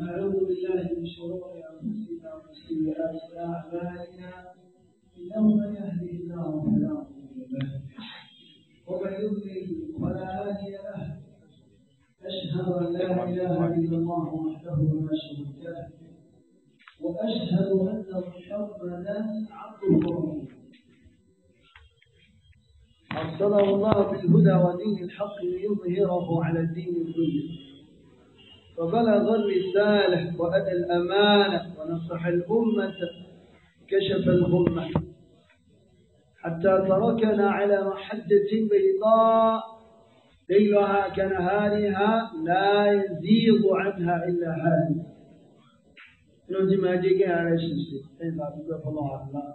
نعوذ بالله من شرور انفسنا ومن سيئات اعمالنا انه من يهده الله فلا مضل له ومن يضلل فلا هادي له اشهد ان لا اله الا الله وحده لا شريك له واشهد ان محمدا عبده ورسوله أرسله الله بالهدى ودين الحق ليظهره على الدين كله فبلغ الرسالة وأدى الأمانة ونصح الأمة كشف الغمة حتى تركنا على محجة بيضاء ليلها كنهارها لا يزيغ عنها إلا هذه نودي ما جيك يا أي إن أبوك الله الله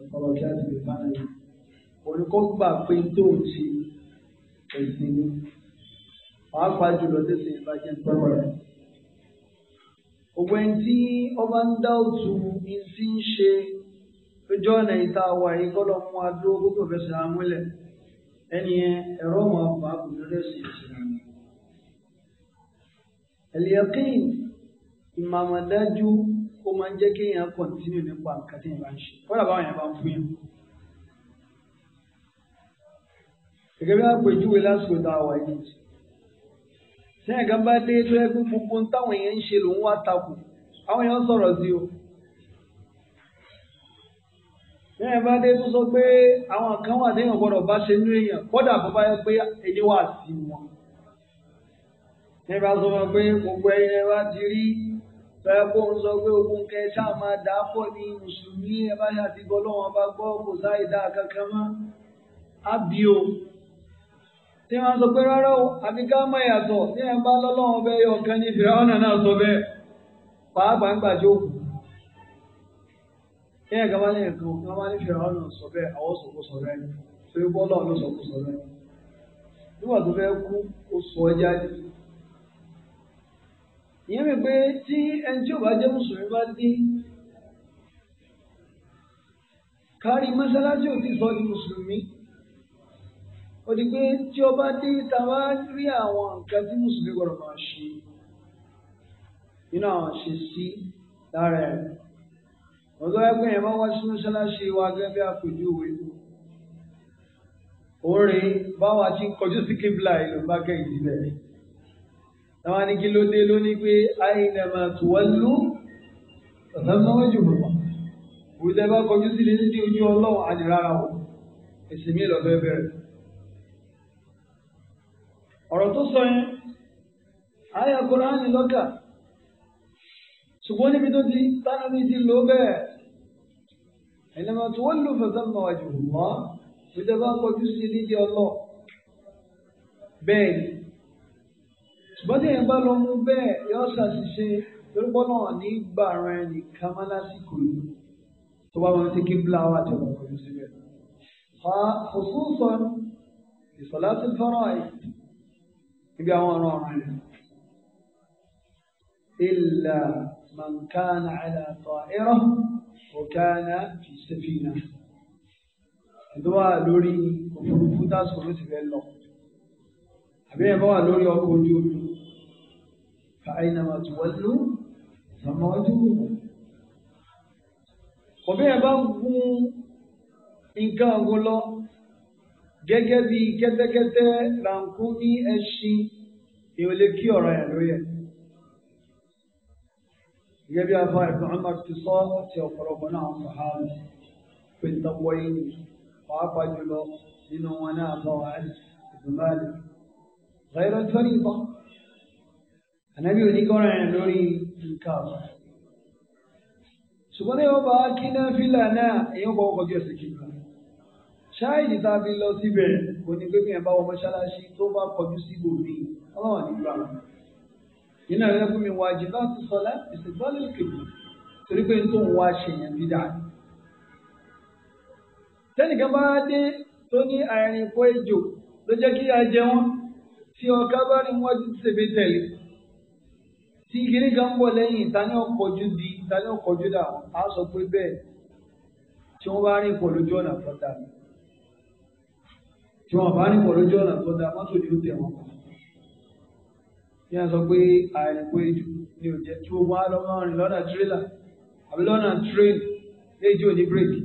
البركات بالفعل ونقوم بقى في توتي pàápàá jùlọ tẹsẹ̀ ìbàjẹ́ gbọ́rọ̀ rẹ̀. Ògbẹ́ tí ọba ń dá òtù ní ti ń ṣe lójú ọ̀nà ìta wà yìí kọ́lọ̀ mú adúró gbogbo fẹsẹ̀ amúlẹ̀ ẹni ẹ̀rọ wọn bá gbòdó lẹ́sìn ìsìlámù. Ẹ̀lẹ́kìn ìmàmọ̀dájú ó máa ń jẹ́ kéèyàn kọ̀ntínú nípa nǹkan tí èèyàn ń ṣe kọ́lá báwọn yẹn bá ń fún yẹn. Gẹ́gẹ́ bí tí ẹ̀ka bá dé tó yẹ pé gbogbo ń táwọn èèyàn ń ṣe lòun wá takò àwọn èèyàn sọ̀rọ̀ sí o. tí ẹ̀ka bá dé tó sọ pé àwọn kan wà téèyàn gbọ́dọ̀ bá ṣe nú èèyàn kódà bó bá yẹ pé ẹni wà sí wọn. tí ẹ̀ka sọ wọn pé gbogbo ẹyẹ wa ti rí bẹ́ẹ̀ kó ń sọ pé ogun kẹ ṣáà máa dà á pọ̀ ní mùsùlùmí ẹ bá ṣàtìgbọ́ lọ́wọ́n bá gbọ́ kò sáì dáa kankan mọ́ á bí o tí wọ́n sọ pé rárá o àfi ká mọ̀ ìyàtọ̀ tí ẹ̀ ń bá lọ́lọ́wọ́ bẹ́ẹ̀ yọ ọ̀kan ní ìfìrà ọ̀nà náà sọ bẹ́ẹ̀ pàápàá ń gbàjọ òkú kí ẹ̀ka bá ní ẹ̀kan kí wọ́n bá ní ìfìrà ọ̀nà sọ bẹ́ẹ̀ àwọn sọ̀kò sọ rẹ̀ torí bọ́lá ọ̀nà sọ̀kò sọ rẹ̀ nígbà tó fẹ́ kú ó sọ ẹ jáde ìyẹn mi pé tí ẹni tí ò bá jẹ́ mùsùlùmí bá dín kárí mọ́sálásí ò ti sọ di mùsùlùmí ó di pé tí ó bá dé ta bá rí àwọn nǹkan tí mùsùlùmí gbọdọ̀ máa ṣe nínú àwọn ṣe sí lára ẹ̀ ọ̀dọ́ ẹgbẹ́ yẹn máa wá sí mọ́ṣáláṣí wa gẹ́gẹ́ bí àpèjúwe orin báwa ti ń kọjú sí kíbla ìlú bá kẹ́yìn bẹ́ẹ̀ táwọn ní kí ló dé lónìí pé àyìnlẹ̀ máa tù wọ́n lù ọ̀sán náà jù bọ̀ òun bá kọjú sí ní ojú ọlọ́run àdìrára wọn èsì mi lọ́fẹ́ bẹ̀rẹ̀ ọ̀rọ̀ tó sọ yẹn àyà kúránì lọ́kà ṣùgbọ́n níbi tó ti tánà ní ti lò bẹ́ẹ̀ ẹ̀lẹ́mọ̀ tó wọ́n lò fẹ̀sán mọ̀ wájú mọ́ bí tẹ́ bá kọjú sí nídìí ọlọ́ bẹ́ẹ̀ ni ṣùgbọ́n tí èèyàn bá lọ mú bẹ́ẹ̀ yọ ṣàṣìṣe lórúkọ náà ní gbàrà ẹnìkan má lásìkò yìí tó bá wọn ti kí bíláwà tó bá kọjú síbẹ̀. خصوصا في صلاة الفرائض níbi àwọn ọ̀ràn ọ̀ràn rẹ̀. إلا من كان على طائرة وكان في سفينة ẹ̀dọ́ wà lórí òfurufú tásìkò ló sì fẹ́ lọ àbí ẹ̀bọ́ wà lórí ọkọ̀ ojú omi fàáyínàmà tó wọ́n lù sàmọ́ ojú òbí ẹ̀ bá gún nǹkan ọ̀gọ́ lọ gẹ́gẹ́ bí kẹ́tẹ́kẹ́tẹ́ làǹkú ní ẹṣin èèyàn lè kí ọ̀rọ̀ yẹn lórí ẹ̀. gẹ́gẹ́ bí afa ibn Umar ti sọ àti ọ̀pọ̀lọpọ̀ náà ń sàhánu pé tọ́pọ̀ yìí pàápàá jùlọ nínú wọn náà bọ̀ wá ìdùnnú غير الفريضة النبي يقول عن لوري إنكار ṣùgbọ́n ní ọba kí náà fílà náà èèyàn kọ́ ọkọ̀ bí ọ̀sẹ̀ kí náà ṣáìdì tá a fi lọ síbẹ̀ kò ní pé kí ẹ bá wọ mọ́ṣáláṣí tó bá kọjú sí gòmí ọlọ́run nígbà nínú ẹ̀rọ fún mi wà jìbá ti sọlá ìsìnkọ́lé kìbù torí pé tó ń wá ṣèyàn bí dáa. tẹ́nìkan bá dé tó ní àìrìn kọ́ ejò ló jẹ́ kí a jẹ wọ́n tí ọ̀ká bá rí wọ́n ti ṣèbí tẹ̀lé tí kiri kan ń bọ̀ lẹ́yìn ìtaní ọkọ̀jú di ìtaní ọkọ̀jú dà wọ́n á sọ pé bẹ́ẹ̀ tí wọ́n bá rìn pọ̀ lójú ọ̀nà fọ́tà mi tí wọn bá rìn pọ̀ lójú ọ̀nà tó da mọ́tò ni ó tẹ̀ wọ́n pa kí wọn sọ pé àìrìn pé jù ni ò jẹ́ tí gbogbo wa lọ́mọ rìn lọ́nà tírélà àbí lọ́nà tírélì léjì òní bírèkì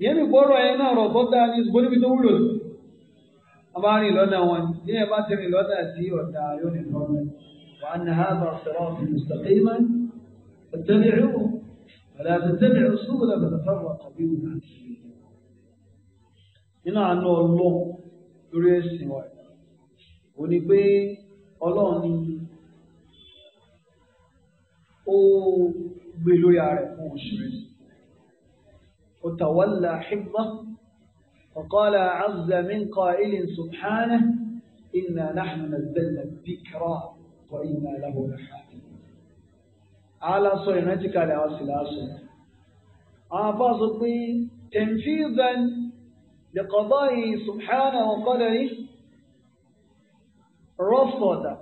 ìyẹn mi gbọ́rọ̀ ẹ náà rọ̀ tó dáa ní ṣùgbọ́n níbi tó wúlò sí wọn bá rìn lọ́nà wọn ní ẹ bá ti rìn lọ́nà sí ọ̀dà yóò ní lọ́nà wàá nà á bá sọ̀rọ̀ mùsùlùmí nínú àánú ọlọ́run lórí ẹ̀sìn wa ò ní pé ọlọ́run ni ó gbé lórí ara ẹ̀ fún oṣù rẹ̀ ó tàwálà hibba وقال عز من قائل سبحانه إنا نحن نزلنا الذكرى وإنا له لحافظون على صينتك على أصل أصل أبا تنفيذا لقضائه سبحانه وقدره رصد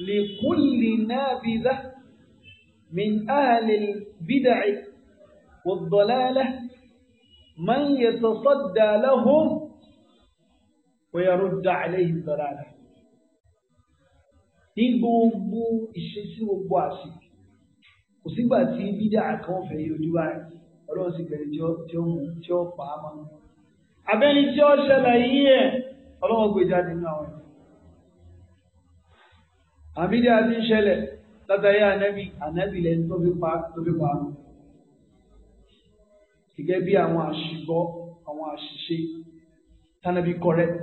لكل نابذة من أهل البدع والضلالة من يتصدى لهم ويرد عليه الضلالة ní gbogbo ìṣesí gbogbo àṣìkò kò sígbà tí bídà kan fẹ́ yọjú báyìí ọlọ́run sì bẹ̀rẹ̀ tí ó mú tí ó pa á mọ́. abẹ́ni tí ó ṣẹlẹ̀ yí ẹ̀ ọlọ́wọ́ gbé jáde nínú àwọn ẹ̀sìn. àbídí àti ń ṣẹlẹ̀ látàrí ànábì ànábì lẹ́ni tó fi pa tó fi pa á. gẹ́gẹ́ bí àwọn àṣìgbọ́ àwọn àṣìṣe tánàbí correct.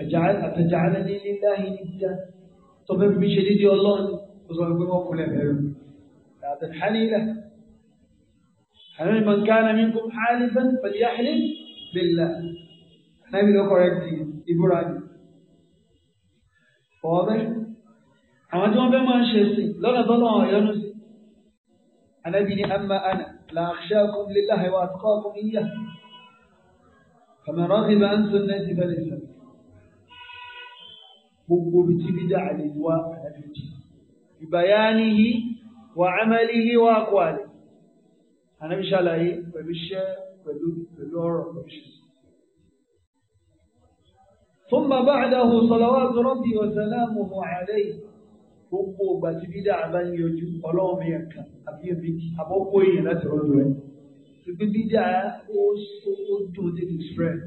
àtẹ̀jáde ní líláhi níjà tó fẹ́ fi ṣe dídí ọlọ́run ó sọ pé wọ́n kúnlẹ̀ bẹ̀rù. àtẹ̀jáde حلال من كان منكم حالفا فليحلف بالله احنا بيقول لكم ايه دي يقول عادي فاضل بما شيء لا لا يا نس انا بني اما انا لا اخشاكم لله واتقاكم اياه فمن رغب عن سنتي فليس بقوا بتبدع الاجواء على ببيانه وعمله واقواله അനവിശാലായി ഭവിഷ്യ ثم بعده صلوات ربي وسلامه عليه هو بس بدا عبان يجو قلوم يكا أبي بيك أبو قوي نتعود وين تبي بدا أوس أوتو دي تسفرين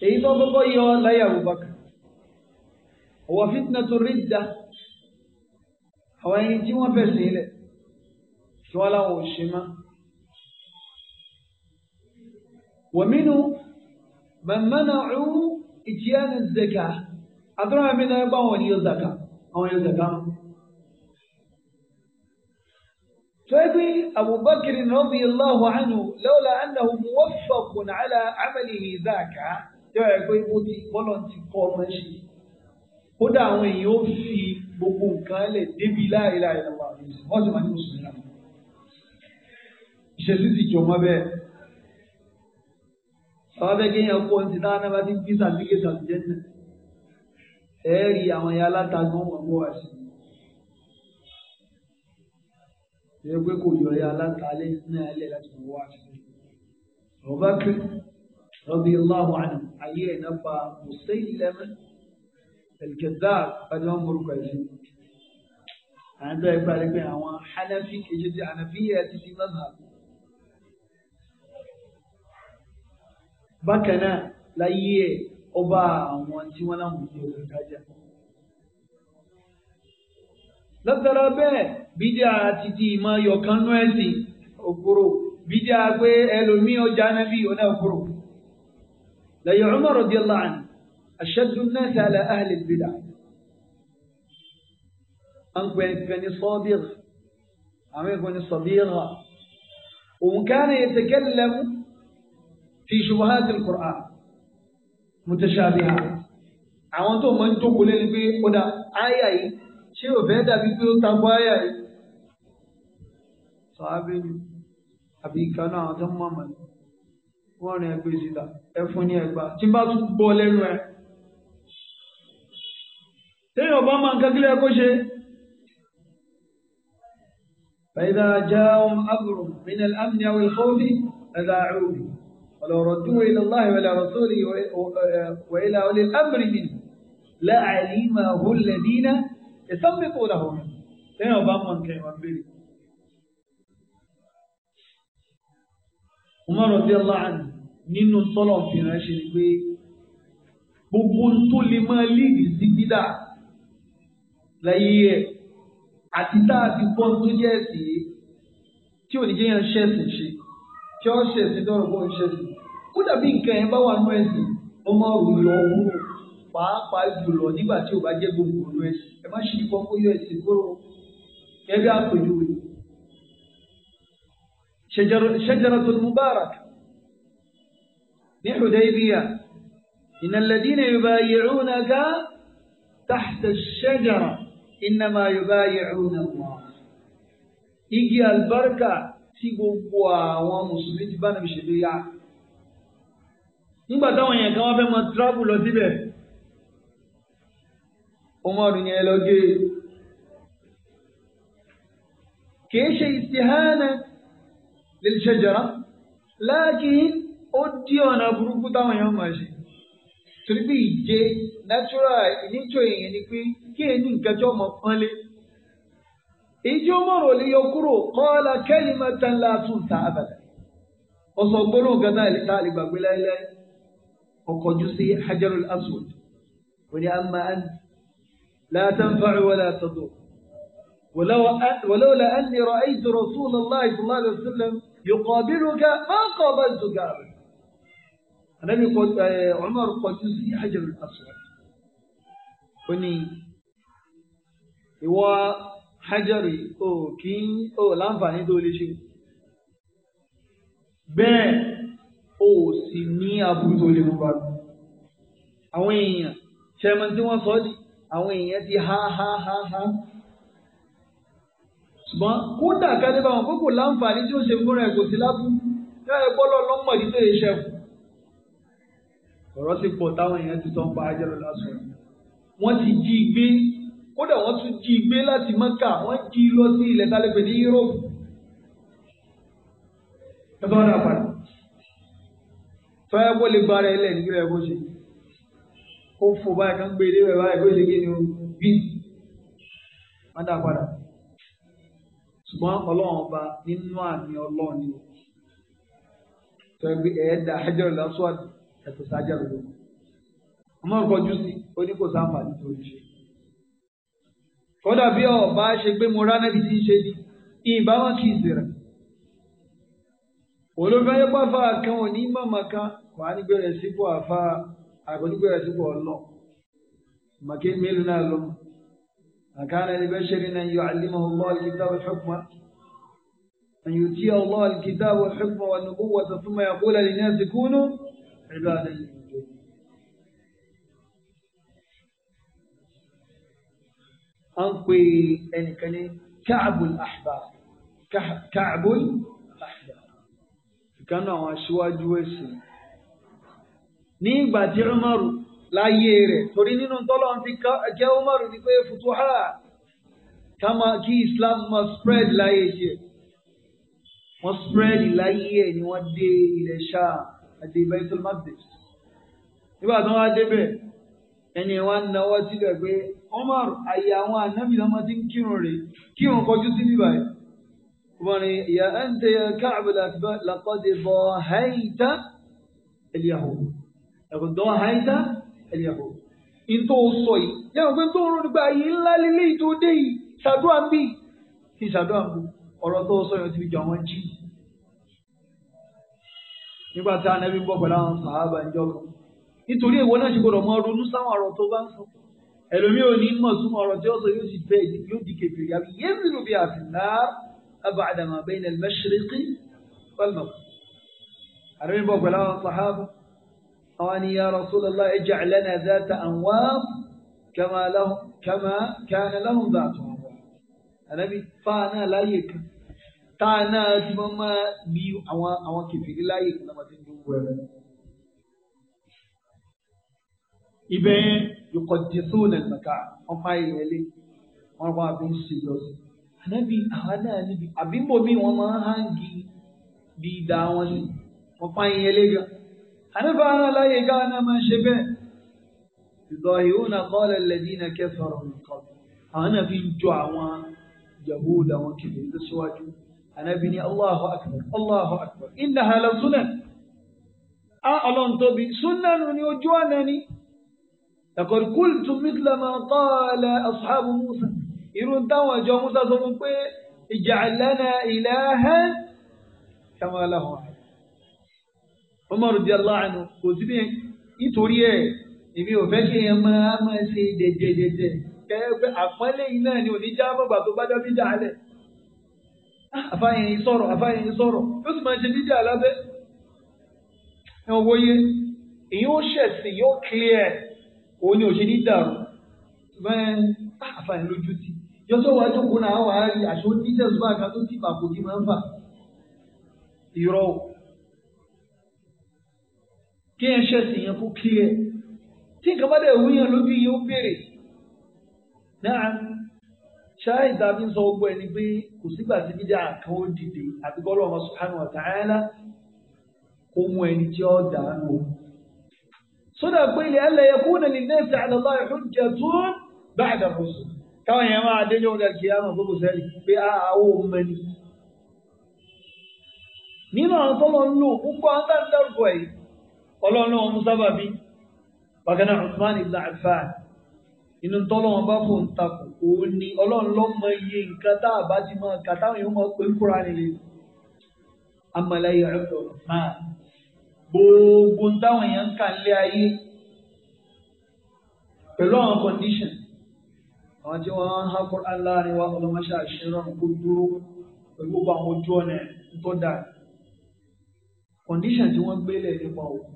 سيدو بقوي لا يا أبو بكر هو فتنة الردة àwọn ẹni tí wọ́n fẹ̀sìn ilẹ̀ kí wọ́n láwọn ò ṣe mọ́. wọ̀mínú mẹ́mẹ́nà ọ̀hún ìjìyànà zẹ̀kà àtúrà mi náà bá wọn yóò zàkà àwọn yóò zàkà mọ́. أبو بكر رضي الله عنه لولا أنه موفق على عمله ذاك yóò yẹ kó ibú ti bọ́lọ̀ ti kọ́ gbogbo nǹkan lẹ̀ débi láìláì lọ́wọ́ àwọn ìṣẹ̀lẹ̀ wọ́n sì máa ní mùsùlùmí náà. ìṣesí ti jọ mọ́ bẹ́ẹ̀. àwọn abẹ́ kéèyàn kó ohun ti dáná bá ti gbé sàtìkẹ́ sàtìjẹ́ náà. ẹ rí àwọn ẹ̀yà alátagbọ́n wọn bó wá sí i. ẹ pé kò yọ ẹ̀yà alátalẹ́ náà lẹ̀ láti wọ́n wá sí i. ọ̀bá kiri rọ́bì aláwọ̀ àná ayé ẹ̀ náà pa mùsùlùmí ẹ̀lìkẹ̀dá pẹ̀lú wọn morúkọ ẹ̀sìn. àwọn ẹgbẹ́ ẹgbẹ́ àrígbẹ́ àwọn hanafi kejì tí hanafi yẹ ti di mẹ́ta. bákan náà láyé ẹ̀ ọba àwọn tí wọ́n láwọn ti ọ̀gá kájà. látara bẹ́ẹ̀ bídíà ti di ìmọ̀ yọ̀kánú ẹ̀sìn òkúrò bídíà pé ẹlòmíì ọjà náà bí ọ̀nà òkúrò. lẹ́yìn Umar radiyallahu anhu. أشد الناس على أهل البدع أنقوين كان صادق أنقوين صديقة وكان يتكلم في شبهات القرآن متشابهة أعوانتو من تقول لبي ودا آية آي آية آي فيدا بيقول تابو آي آي أبي كان آدم مامل وانا أبي زيدا أفوني أكبر تنبات بولنوه téèyàn bá máa ń kankilẹ̀ kó ṣe. fàyídà já ohun abúrò min al-amni aw al-khawfi ẹ̀dà àrùbí ọ̀lọ́rọ̀ tí wọ́n ilẹ̀ láàyè wẹ̀lẹ̀ rasúlì wẹ̀lẹ̀ olè amri mi láàlì máa hù lẹ́dínà ìsọ́nbẹ̀ kó làwọn téèyàn bá máa ń kẹ́ wọn bèrè. Umar radiyallahu anhu nínú tọ́lọ̀ fi ránṣẹ́ ni pé gbogbo tó lè máa lídìí sí bídà láyé ẹ̀ àti tá a ti gbọ́ tó jẹ́ ẹ̀sìn yìí tí ò ní jẹ́ yẹn ṣẹ̀sìn ṣe tí ó ṣẹ̀sìn tó rọ̀ bọ́ ṣẹ̀sìn kó dàbí nǹkan yẹn bá wà nú ẹ̀sìn ó máa rò lọ owó pàápàá jùlọ nígbà tí ò bá jẹ́ gbogbo òru ẹ̀sìn ẹ má ṣe ìbọn kó yọ ẹ̀sìn kó rọ ẹbí àpèjúwe shajaratul mubarak ní Hudaybiyah innal ladina yubayi'unaka tahta ash-shajara. innama yubayi'una Allah igi àlùbáríkà tí gbogbo àwọn mùsùlùmí ti bá nàbì ṣèlú yá nígbà táwọn èèyàn kan wá fẹ́ mọ tíráàbù lọ síbẹ̀ ọmọọdún yẹn lọ gé kìí ṣe istihana lil shajara láàkì ó dí ọ̀nà burúkú táwọn èèyàn máa ṣe. torí bí ìje natural ìníjọ èèyàn ni pé kí èyí ní nǹkan jọ́ mọ̀ pọ́nlé. ìjọ mọ̀rọ̀ lè yọ kúrò kọ́ọ́lá kẹ́lí máa tán láàtún ta àbàdà. ọ̀sán gbólóhùn gan náà tá a lè gbàgbé láéláé ọkọ̀jú sí hajarul aswad kò ní a an ń látàn fàáyé wọlé àtọ́dọ̀. ولولا أني رأيت رسول الله صلى الله عليه وسلم يقابلك ما قابلت قابل ànábì Umar kọjú sí hajarul aswad ó ní ìwọ hajaru ò kí ò láǹfààní tó lè ṣe bẹ́ẹ̀ ò sì ní aburú tó lè bùbá lọ àwọn èèyàn ṣẹmọ tí wọ́n sọ di àwọn èèyàn ti ha ha ha ha ṣùgbọ́n kódà kádébà wọn kókò láǹfààní tí ó ṣe fúnra kò sí lábú ká ẹ gbọ́dọ̀ lọ́mọdé tó yẹ ṣẹ́kù ọ̀rọ̀ sì pọ̀ táwọn èèyàn ti tán pa ajẹ́rọ lásán wọ́n ti jí i gbé kódà wọ́n tún jí i gbé láti mọ́kà wọ́n jí i lọ sí ilẹ̀ tálẹ́pẹ̀ ní yúróòpù ẹ̀fọ́ wọn náà padà fẹ́ẹ́ kó lè gbára ilẹ̀ nígbà ẹ̀kọ́ ṣe kó fò báyìí kan gbé ilé rẹ̀ báyìí kó ṣe kí ni bí wọ́n dá padà ṣùgbọ́n ọlọ́run ọba nínú àmì ọlọ́run ni fẹ́ẹ́ gbé ẹ̀ẹ́dà ajẹ́rọ lásán àti ẹ̀tọ́ sájà lóko ọmọ ìkọjú sí ó ní kò sáǹfààní tó ń ṣe kódà bí ọba ṣe pé mo ránẹ́bí ti ń ṣe ni ìyìnbá wọn kì í sèrè olùfẹ́ yẹn pàfà kan ò ní mọ̀mọ́ kan kò á ní gbèrè sípò àfa àkọ́jú gbèrè sípò ọlọ́ màkì mélòó náà lọ àkàrà ẹni bẹ́ẹ̀ náà yọ àlímọ̀ ọlọ́ alkitab al-hukma an yuti ọlọ́ alkitab al-hukma wan nubuwwata thumma yaqulu lin-nasi kunu. عبادا لوجوده أنقي أن كان كعب الأحبار كعب الأحبار كان هو أشواج وسي ní ìgbà tí Umaru láyé rẹ̀ torí nínú tọ́lọ́ fi kẹ́ Umaru ní pé futuha ká máa kí Islam máa spread láyé ṣe wọ́n spread láyé ẹ̀ ni wọ́n dé ilẹ̀ ṣáà àti Baitul Maqdis nígbà tí wọ́n á débẹ̀ ẹni wa ń nawọ́ sílẹ̀ pé Umar àyè àwọn ànábì náà máa ti ń kírun rè kírun kọjú sí bíbá yìí wọ́n ní ìyá ẹ̀ǹtẹ̀ yẹ káàbù làkọ́dé bọ̀ hẹ́ìtà ẹ̀lìyàwó ẹ̀kọ́ dọ̀ hẹ́ìtà ẹ̀lìyàwó ìtò sọ yìí yẹ́n pé tó ń rún nípa ayé ńlá lílé ìtò dé yìí ṣàdúrà bíi kí ṣàdúrà bíi ọ̀rọ̀ tó sọ yẹn ti fi jọ àwọn jíì. nígbà tá ànábì ń bọ̀ pẹ̀lú àwọn sàhábà ń jọkàn nítorí èwo náà ṣe gbọdọ̀ mọ ronú sáwọn ọ̀rọ̀ tó bá ń sọ ẹlòmíì ò ní mọ̀ súnmọ́ ọ̀rọ̀ tí ó sọ yóò sì bẹ́ẹ̀ yóò di kèfèrí àbí yéé nínú bí àfìlà أبعد ما بين المشرق والمغرب أرمي بقول الصحابة أواني يا رسول الله اجعل لنا ذات أنوار كما لهم كما كان لهم ذات أنوار النبي فأنا لا يكفي tá a náà ti mọ́ mọ́ ní àwọn àwọn kẹfìrí láyè kí wọ́n ti ń dúró ẹ̀rọ. ibẹ̀ yòókọ̀ jẹ sóòlù ẹ̀sìnká wọ́n fà yẹ lé wọ́n wá fi ń ṣe lọ ànábì àwa náà níbi àbímbò mi wọ́n máa ń hangi bí ìdá wọn ni wọ́n fà yẹ lé gan. ànábì àwọn aláyè gáà náà máa ṣe bẹ́ẹ̀. يضاهئون قال الذين كفروا من قبل أنا في جوع يهود وكذب سواجه ànábì ní Allahu akbar Allahu akbar innaha la sunan á ọlọ́run tóbi sunan ni ojú ọ̀nà ni laqad qultu mithla ma qala ashabu Musa irun táwọn ìjọ Musa sọ fún pé ij'al lana ilahan kama lahu Umar radiyallahu anhu kò sí bí nítorí ẹ̀ èmi ò fẹ́ kí èèyàn máa máa ṣe jẹjẹjẹjẹ kẹ́ẹ́ pé àpọ́nlé yìí náà ni oníjà mọ̀gbà tó bá dábí dálẹ̀ àfáyẹn sọ̀rọ̀ àfáyẹn sọ̀rọ̀ yóò sì máa ṣe dídí alábẹ́ ẹ wọ́n wòye èyí ó ṣẹ̀sìn yóò clear òun ni ò ṣe ní dàrú bẹ́ẹ̀ àfáyẹn lójú ti yọtọ̀ wá jókòó náà wà á rí àṣọ dídẹ̀ zùbá kan tó ti bàbò kí máa ń fà irọ́ o kí ẹ ṣẹ̀sìn yẹn kó clear tí nǹkan bá dẹ̀ wúyàn lójú yìí ó béèrè náà ṣáàì tàbí sọ gbogbo ẹni pé kò sígbà tí bídà kan ó dìde àti kọ́ lọ́wọ́ subhanahu wa ta'ala kó mú ẹni tí ó dànù. sódà pé ilẹ̀ ẹlẹ́ yẹ kó nà ní nẹ́ẹ̀sì àlọ́lá ìhúnjẹ tó bá àdàkóso káwọn yẹn máa dé ní ọjà kí á gbogbo sẹ́lì pé àwọ̀ mẹ́ni. nínú àwọn tó lọ lò púpọ̀ àtàndàrúkọ yìí ọlọ́run ọmú sábàbí inú tọ́lọ́wọ́n bá fò ń takò òun ni ọlọ́run ló mọ iye nǹkan tá a bá ti mọ nǹkan táwọn èèyàn mọ pé kúra nílé amọ̀lẹ́yẹ ọ̀rọ̀ máa gbogbo táwọn èèyàn ń kà lé ayé pẹ̀lú àwọn condition àwọn tí wọ́n há Qur'an láàrin wa ọlọ́mọṣẹ́ àṣírọ̀rùn kó dúró pẹ̀lú gbogbo àwọn ojú ọ̀nà tó dáa condition tí wọ́n gbélé nípa òkú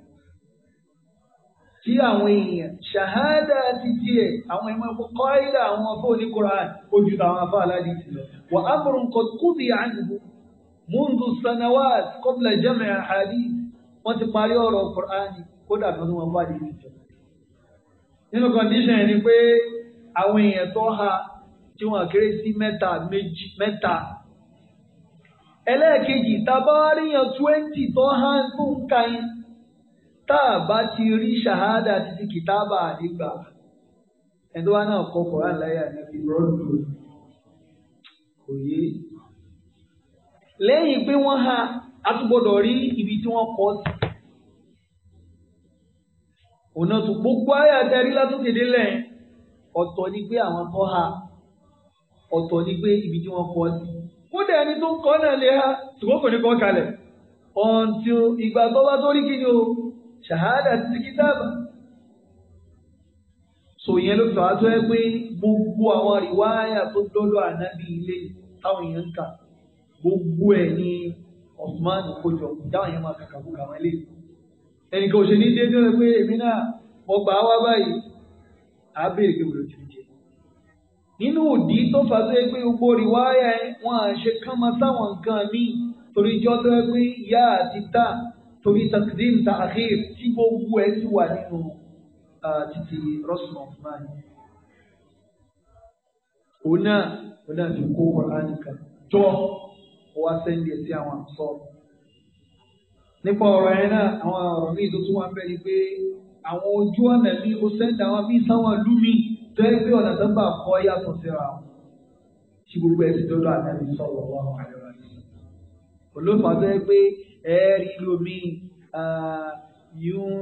tí àwọn èèyàn ṣàhádà ti tiẹ̀ àwọn ẹ̀mọ́ ẹ̀kọ́ kọ́ílà àwọn afọ́ oníkura ojú táwọn afọ́ aládìí ti lọ. wà á mọ̀rọ̀ nǹkan kúbi àdùbò múndù sanawat kọ́bìlà jẹ́mẹ̀ àhàdí wọ́n ti parí ọ̀rọ̀ kùránì kódà tó ní wọn bá di ìjọ. nínú kọ́ndíṣàn ni pé àwọn èèyàn tó ha tí wọ́n kéré sí mẹ́ta méjì mẹ́ta ẹlẹ́ẹ̀kejì tabaríyàn twenty tó ha tó ń Taa a bá ti rí ṣahada títí kìtàbà àdìgbà ẹni náà kọ koran láyà níbi rọ́ọ̀dù kò yé lẹ́yìn pé wọ́n ha atúgbọ́dọ̀ rí ibi tí wọ́n kọ́ sí tó gbogbo ayé àtẹrí ni pé àwọn kọ́ ha ọ̀tọ̀ ni ibi tí wọ́n kọ́ sí kódà ẹni tó ń kọ́ náà lè ha ní kọ́ kalẹ̀ bá tó rí ni o. ṣàhádà títí kìtàbà so ìyẹn ló fà á tó ẹ pé gbogbo àwọn rìwáyà tó dọ́dọ̀ ànábì ilé táwọn èèyàn ń kà gbogbo ẹ̀ ní Osman kojọ dáwọn èèyàn máa kàkà fún kàwọn ilé ẹnì kan ò ṣe ní déédéé rẹ pé èmi náà mo gbà á wá báyìí á béèrè pé wòlò jùlọ jẹ nínú òdì tó fà á tó ẹ pé gbogbo rìwáyà wọn à ṣe kán máa sáwọn nǹkan míì torí jọ́ tó ẹ pé yá àti tá torí takdim ta'khir tí gbogbo ẹ̀ ti wà nínú títí rọ́ṣùn ọ̀fúnmáà yìí. òun náà òun náà ti kó Kùránì kan jọ wá sẹ́ńdì ẹ̀ sí àwọn àǹsọ́. nípa ọ̀rọ̀ ẹ̀ náà àwọn ọ̀rọ̀ míì tó tún wá bẹ́ẹ̀ ni pé àwọn ojú ọ̀nà mi ó sẹ́ńdì àwọn míì sáwọn ìlú mi tẹ́lẹ̀ pé ọ̀nà tó bá kọ́ yàtọ̀ síra wọn. tí gbogbo ẹ̀ ti dọ́dọ̀ àtẹ̀lẹ́sọ̀rọ̀ wọn àlẹ́ wa ni olófà tó yẹ pé ẹ rí lomi yún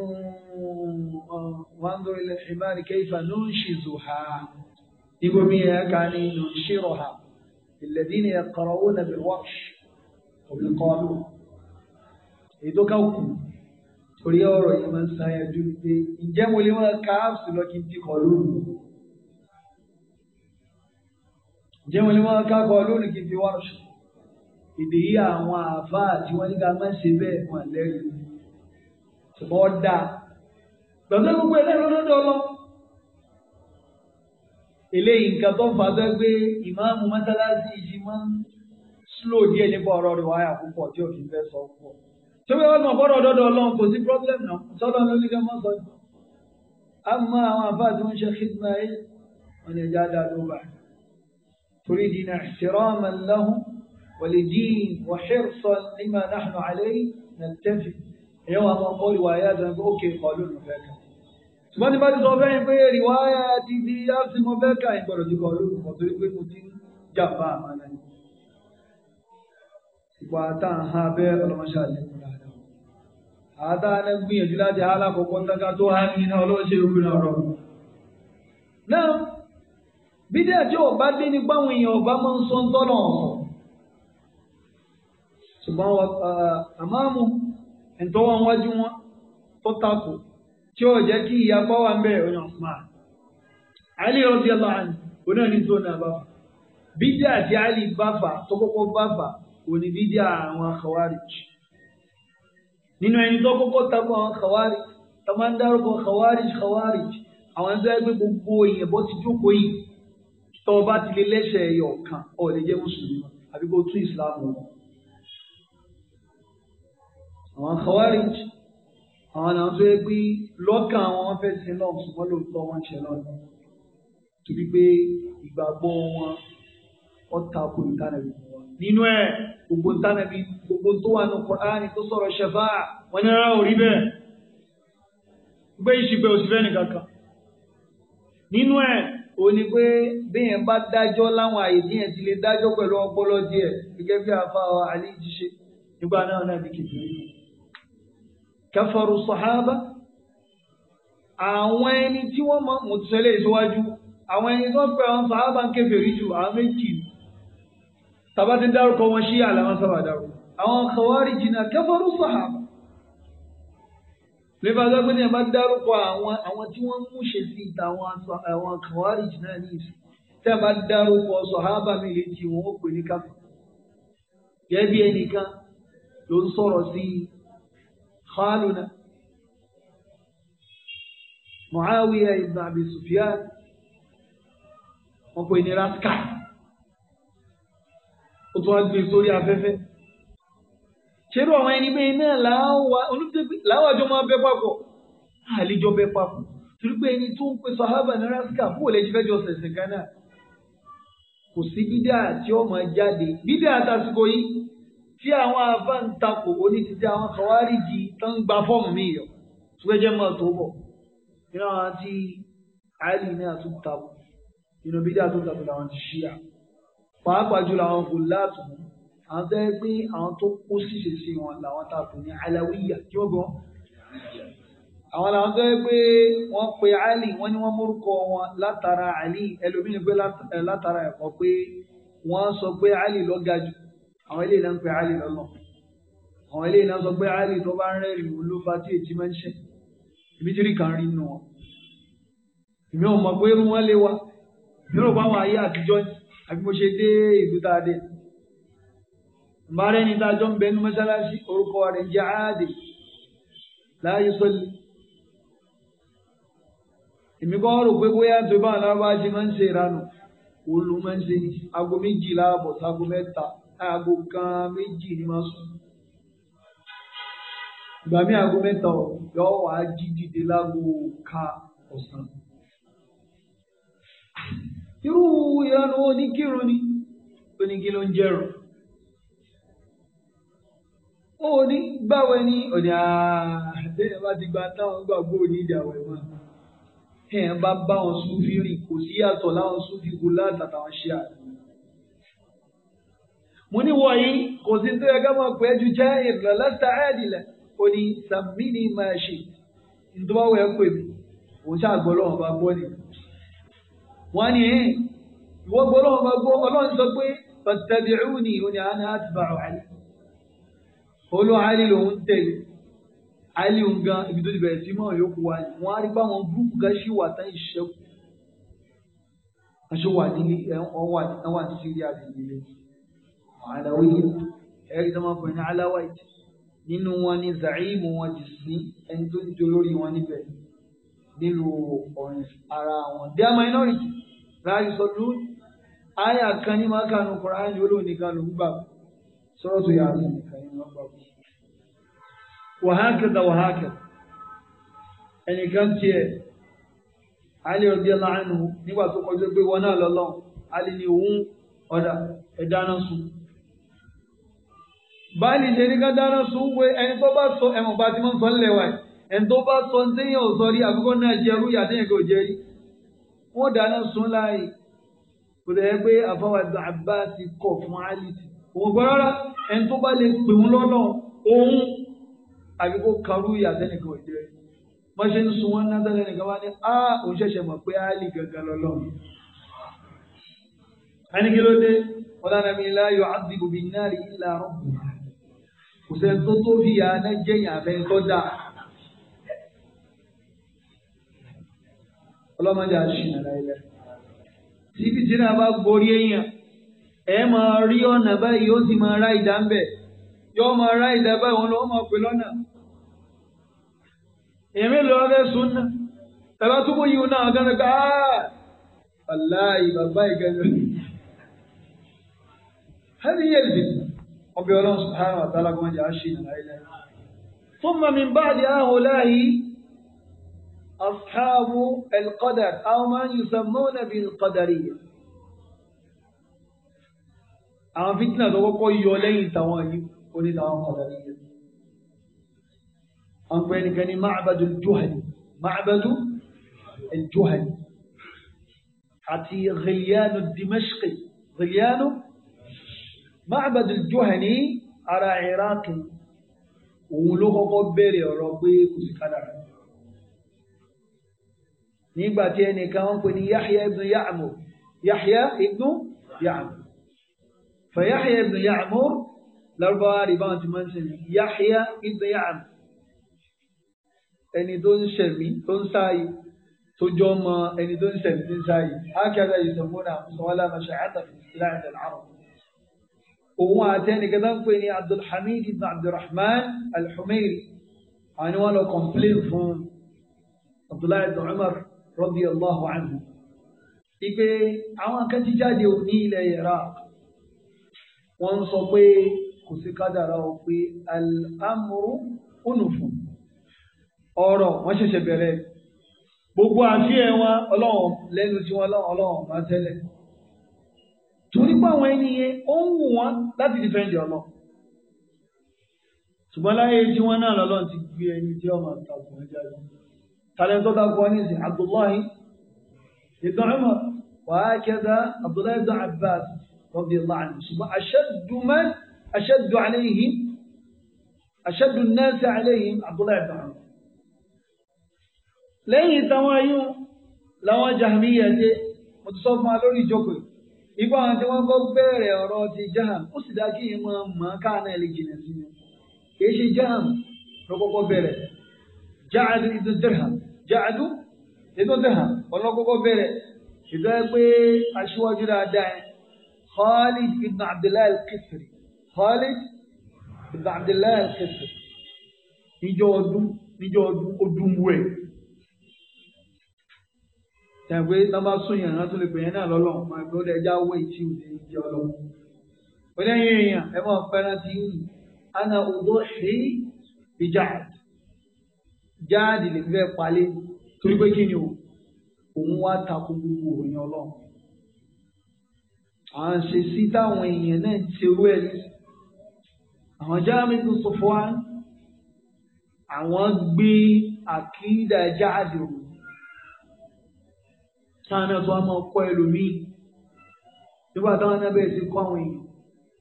wọn ń lórí ìmáàrí kẹfà ló ń ṣe zòhà igomi yẹn ká ní ló ń ṣe rọ̀hà ìlẹ̀dínì ẹ̀kọ́rọ̀ ó nàbẹ̀ wọ́ọ̀ṣ òbí kọ́ ló èyí tó ká kù torí ọ̀rọ̀ yìí máa ń sáyájú pé ǹjẹ́ mo lè máa ka áàpù lọ kí n ti kọ̀ lóru ǹjẹ́ mo lè máa ká kọ̀ lóru kí n ti wá ṣùgbọ́n èdè yìí àwọn àáfàá tí wọ́n ní ká má ṣe bẹ́ẹ̀ wọn lẹ́yìn ṣùgbọ́n ọ̀dà gbọ̀ngàn gbogbo ẹlẹ́rọ lọ́dọ̀ lọ. eléyìí nǹkan tó ń fa bẹ́ẹ̀ pé ìmáàmù mọ́sálásí yìí máa ń slow díẹ̀ nípa ọ̀rọ̀ rẹ̀ wáyà púpọ̀ tí òfin fẹ́ sọ pọ̀. sọ́wọ́n wọn mọ̀ gbọ́dọ̀ ọ̀dọ́dọ̀ ọlọ́run kò sí problem náà sọ́dọ̀ ló ní ká má sọ jù. a mọ àwọn àfáà tí wọ́n ṣe khidma yìí wọ́n lè já dáa ló bá torí dina ihtiraman ولدين وحرصا لما نحن عليه نتفق يوم ما قول روايات اوكي قالوا له فاكا ṣùgbọ́n tí bá ti sọ fẹ́ yín pé rìwáyà ti di áṣìmọ́ bẹ́ẹ̀ka ìgbọ̀rọ̀ ti kọ̀ lórí kan torí pé mo ti ń jàmbá àmàlà yìí. ìgbà tá à ń ha bẹ́ ọlọ́mọṣà lẹ́kọ̀ọ́ dáadáa. àádá náà gbìyànjú láti há lákòókò ń dáká tó há nínú ọlọ́ṣẹ́ orí náà rọ̀. náà bídẹ́ àti ọ̀bá dé ní báwọn èèyàn ọ̀bá máa ń sọ ń tọ́nà ọ̀mọ̀ ṣùgbọ́n eh, àmàmù ẹ̀ńtọ́ wọn wájú wọn tó takò tí ó jẹ́ kí ìyapa wà ń bẹ̀ ọ̀nà Usman Ali radiyallahu anhu oní ọ̀nì tó náà bá fà bídíà tí Ali bá fà tó kọ́kọ́ bá fà òní bídíà àwọn Khawarij nínú ẹni tó kọ́kọ́ takò àwọn Khawarij tó máa ń dárúkọ Khawarij Khawarij àwọn ẹgbẹ́ gbé gbogbo èèyàn bó ti jókòó yìí tó bá ti lé lẹ́sẹ̀ ẹ̀yọ̀ kan ó lè jẹ́ mùsùlùmí àbí kó tún ìsìlámù wọn àwọn Khawarij àwọn náà tó yẹ pé lọ́kàn àwọn wọn fẹ́ sin lọ́ọ̀ ṣùgbọ́n lóòótọ́ wọn ṣe lọ́ọ̀ torí pé ìgbàgbọ́ wọn wọ́n ta ko ìtànàbí wọn. nínú ẹ̀ gbogbo ìtànàbí gbogbo tó wà ní Kùránì tó sọ̀rọ̀ ṣẹ̀fà wọn ní rárá ò rí bẹ́ẹ̀ gbé ìṣìgbẹ́ òṣìfẹ́ nìkan kan nínú ẹ̀ o ní pé bíyẹn bá dájọ́ láwọn àyè díẹ̀ ti lè dájọ́ pẹ̀lú ọpọlọ díẹ̀ gẹ́gẹ́ bí àfa àlíjì ṣe nígbà náà náà ní kìkìrì yìí kẹfọ́rù sọ̀hábà àwọn ẹni tí wọ́n mọ mo ti sọ eléyìí síwájú àwọn ẹni tó ń pẹ́ àwọn sọ̀hábà ń kèfèrí jù àwọn méjì tàbá ti dárúkọ wọn ṣíyà làwọn sábà dárúkọ àwọn kàwárí jìnnà kẹfọ́rù sọ̀hábà lẹ́fà gbẹ́gbẹ́ ni a bá dárúkọ àwọn àwọn tí wọ́n mú ṣe sí ìta àwọn kàwárí jìnnà ní ìsìn tí bá dárúkọ sọ̀hábà mi lè jì wọ́n ó pè ní káfọ́ gẹ́gẹ́ ẹnìkan ló ń sọ̀rọ̀ sí i. خالنا Muawiya ibn Abi Sufyan wọ́n pè ní raska ó tún wá gbé sórí afẹ́fẹ́ ṣerú àwọn ẹni bẹ́ẹ̀ náà láwàjọ máa bẹ papọ̀ àlejò bẹ papọ̀ torí pé ẹni tó ń pe sahaba ní raska bó lè jí fẹ́jọ sẹ̀sẹ̀ kan náà kò sí bídà tí ó máa jáde bídà tásìkò yìí tí àwọn afáǹtakò oní títí àwọn kàwárí di tó ń gba fọ́ọ̀mù mi yọ sùgbẹ́jẹ́ mọ́ tó bọ̀ nínú àwọn tí àìlì náà tún takò nínú bídà tó takò làwọn ti ṣíyà pàápàá jùlọ àwọn kò láàtò mú àwọn tó yẹ pé àwọn tó kó ṣìṣe sí wọn làwọn tá a pè ní aláwíyà kí wọ́n gbọ́ àwọn làwọn tó yẹ pé wọ́n pe àìlì wọ́n ní wọ́n mórúkọ wọn látara àìlì ẹlòmíràn pé látara ẹ̀kọ́ pé wọ́n sọ pé àìlì ló ga àwọn ilé ìlànà pé àìlì lọ́nà àwọn eléyìí náà sọ pé ali tó bá ń rẹ́rìn ló bá tí èjì máa ń ṣe ibi tí rí kan rí nù wọn èmi ò mọ̀ pé irú wọn lé wa mi rò pé àwọn ayé àtijọ́ àbí mo ṣe dé ìlú tá a dé mbàrẹ́ ni tá a jọ ń bẹ ní mọ́ṣáláṣí orúkọ rẹ̀ jẹ́ áàdì láàyè sọ́lì èmi kọ́ rò pé bóyá tó bá àwọn aláwọ̀ ṣe máa ń ṣe ìranù olùmọ̀ ń ṣe ní aago méjìlá àbọ̀ sago mẹ́ta aago kan méjì ni máa sùn ìgbà mí aago mẹ́ta yọ wà á jí dìde láago ka ọ̀sán. irú ìyanu oníkírun ni oníkí ló ń jẹrun. ó ní gbàwé ní ọ̀dẹ̀ àtẹ̀yìn bá ti gba táwọn gbàgbọ́ òní ìdàwẹ̀ wọn. ẹ̀yìn bá bá wọn súnfì rìn kò sí yàtọ̀ láwọn súnfì kò látàtàwọn ṣe àná mo ní wọ̀nyí kò sí tó yẹ ká máa pẹ́ ju jẹ́ ìrìnlẹ̀ lẹ́sẹ̀ ẹ̀ẹ́dìlẹ̀ ó ní sàmínì máa ṣe ntọ́wáwò ẹ̀ pè mí òun ṣáà gbọ́ lọ́wọ́ bá gbọ́ ni. wọ́n á ní ẹ̀ ìwọ gbọ́ lọ́wọ́ bá gbọ́ ọlọ́run sọ pé fattabi'uni òun ni àná atba'u Ali. olú Ali lòun tẹ̀lé Ali òun gan ibi tó ti bẹ̀rẹ̀ sí mọ́ yòókù wa ni wọ́n á rí báwọn gúrúùpù kan ṣì wà tán ìṣẹ́kù. aṣọ wà nílé ẹ̀ wà ní Síríà nílé. àlàwé ẹ̀rí tó máa pè ní aláwáyé nínú wọn ni zaimu wọn ti sin ẹni tó ti dolórí wọn níbẹ̀ nílùú ọ̀rìn ara wọn. they are minority láàyè sọdún àyà kan ní máa kànú kọ̀ọ̀rọ̀ àyà olóhùn nìkan ló ń gbà sọ̀rọ̀ tó yà á sùn nìkan ní wọ́n gbà kú. wàhákẹ́dà wàhákẹ́dà ẹnìkan tiẹ̀ Ali radiyallahu anhu nígbà tó kọjá pé wọn náà lọ́lọ́run Ali ni òun ọ̀dà ẹ̀dáná sùn báàlì ṣe ní ká dáná sun wé ẹni tó bá sọ ẹ̀mọ̀ bá ti máa ń sọ ńlẹ̀ wáyé ẹni tó bá sọ ní téèyàn ò sọ rí àkókò náà jẹrú yàtẹ̀yìn kò jẹ rí wọ́n dáná sun láàyè kò tẹ̀ pé àfọwọ́ àbá ti kọ̀ fún Àlì òun gbọ́ rárá ẹni tó bá lè pè ń lọ́nà òun àkókò karú yàtẹ̀yìn kò jẹ rí wọ́n ṣe wọn náà tẹ́lẹ̀ nìkan wá ní á òun ṣẹ̀ṣẹ̀ mọ̀ pé Àlì gangan lọ́lọ́run ẹni kí ló dé wọn lánàá mi láyọ̀ àdìbò mi náà rí ìlà ọ̀hún kò sẹ́ni tó tó fi ya ẹnẹ́jẹ̀yìn àfẹ́ńtọ́dà. ọlọ́mọdé àṣìnà láìlẹ̀. síbi tí náà bá gborí èèyàn ẹ máa rí ọ̀nà báyìí ó sì máa ra ìdá ń bẹ̀ yóò máa ra ìdá báyìí wọn lọ́wọ́ máa pè lọ́nà. èmi lọ fẹ́ sùn náà bàbá tó bó náà gánà ká aláì bàbá ìgànnà. hẹ́ni yẹ̀lì. ربي الله سبحانه وتعالى قمان جعشينا لا ثم من بعد هؤلاء أصحاب القدر أو ما يسمون بالقدرية أنا فتنا لو قوي يولين تواني قولي لهم قدرية أنا قولي كاني معبد الجهل معبد الجهل حتى غليان الدمشقي غليانه معبد الجهني على عراقي ولغه قبيري ربي كسكادر نيبا تيني كان كون يحيى ابن يعمر يحيى ابن يعمر فيحيى ابن يعمر لربا ريبان تمنسن يحيى ابن يعمر اني دون شمي دون ساي تجوم اني دون شمي دون ساي هكذا يسمونها صلاة مشاعر في العرب òun àtẹnìkan tó ń pè ní abdulhamid ibn abdulrahman alhumairi àwọn ni wọ́n lọ complain fún abdullahi ibn umar radiyallahu anhu ìpè àwọn akẹ́tí jáde ò ní ilẹ̀ iraq wọ́n ń sọ pé kò sí kádàrá o pé al-amru unufu ọ̀rọ̀ wọ́n ṣẹ̀ṣẹ̀ bẹ̀rẹ̀ gbogbo àti ẹ̀ wọn ọlọ́run lẹ́nu tí wọ́n ọlọ́run máa tẹ́lẹ̀ pé àwọn ẹni yẹn ó ń wù wọ́n láti dìfẹ́ǹdì ọmọ ṣùgbọ́n láyé tí wọ́n náà lọ́lọ́ ti gbé ẹni tí ọmọ àtàkùn ẹja lọ tàlẹ́ tó dákọ̀ ní ìsìn Abdullahi ibn Umar وهكذا عبد الله بن عباس رضي الله عنه أشد من أشد عليهم أشد الناس عليهم عبد lẹ́yìn táwọn ayún làwọn jahamiya dé mo ti sọ fún wa lórí ìjókòó ìgbà àwọn tí wọ́n kọ́ bẹ̀rẹ̀ ọ̀rọ̀ ti jaham ó sì dá kí n mọ mọ́ káàná lè jìnà sí mi kì í ṣe jaham ló kọ́kọ́ bẹ̀rẹ̀ jaadu ibn dirham jaadu ibn dirham ọlọ́kọ́kọ́ bẹ̀rẹ̀ ìgbà pé aṣíwájú dáadáa khalid ibn abdullahi al-qisri khalid ibn abdullahi al-qisri níjọ́ ọdún níjọ́ ọdún ọdún wẹ̀ tẹ̀ pé tán bá sún yàn án tó lè pè yẹn náà lọ́lọ́ máa gbé ó lè já owó ìtì òde ìdí ọlọ́wọ́. Olẹ́yìn èèyàn ẹ máa fẹ́ràn ti ń ana odó ṣe ìjáàdì. Jáàdì lè fẹ́ palẹ̀ torí pé kí ni o? Òun wá takò gbogbo òyìn ọlọ́run. À ń ṣe sí táwọn èèyàn náà ti rú ẹ̀ lé. Àwọn jáàmì tó sọ fún wa, àwọn gbé àkídà jáàdì rù táwọn náà tó wá máa kọ́ ẹlòmíì nígbà táwọn náà bẹ̀rẹ̀ sí kọ́ àwọn èèyàn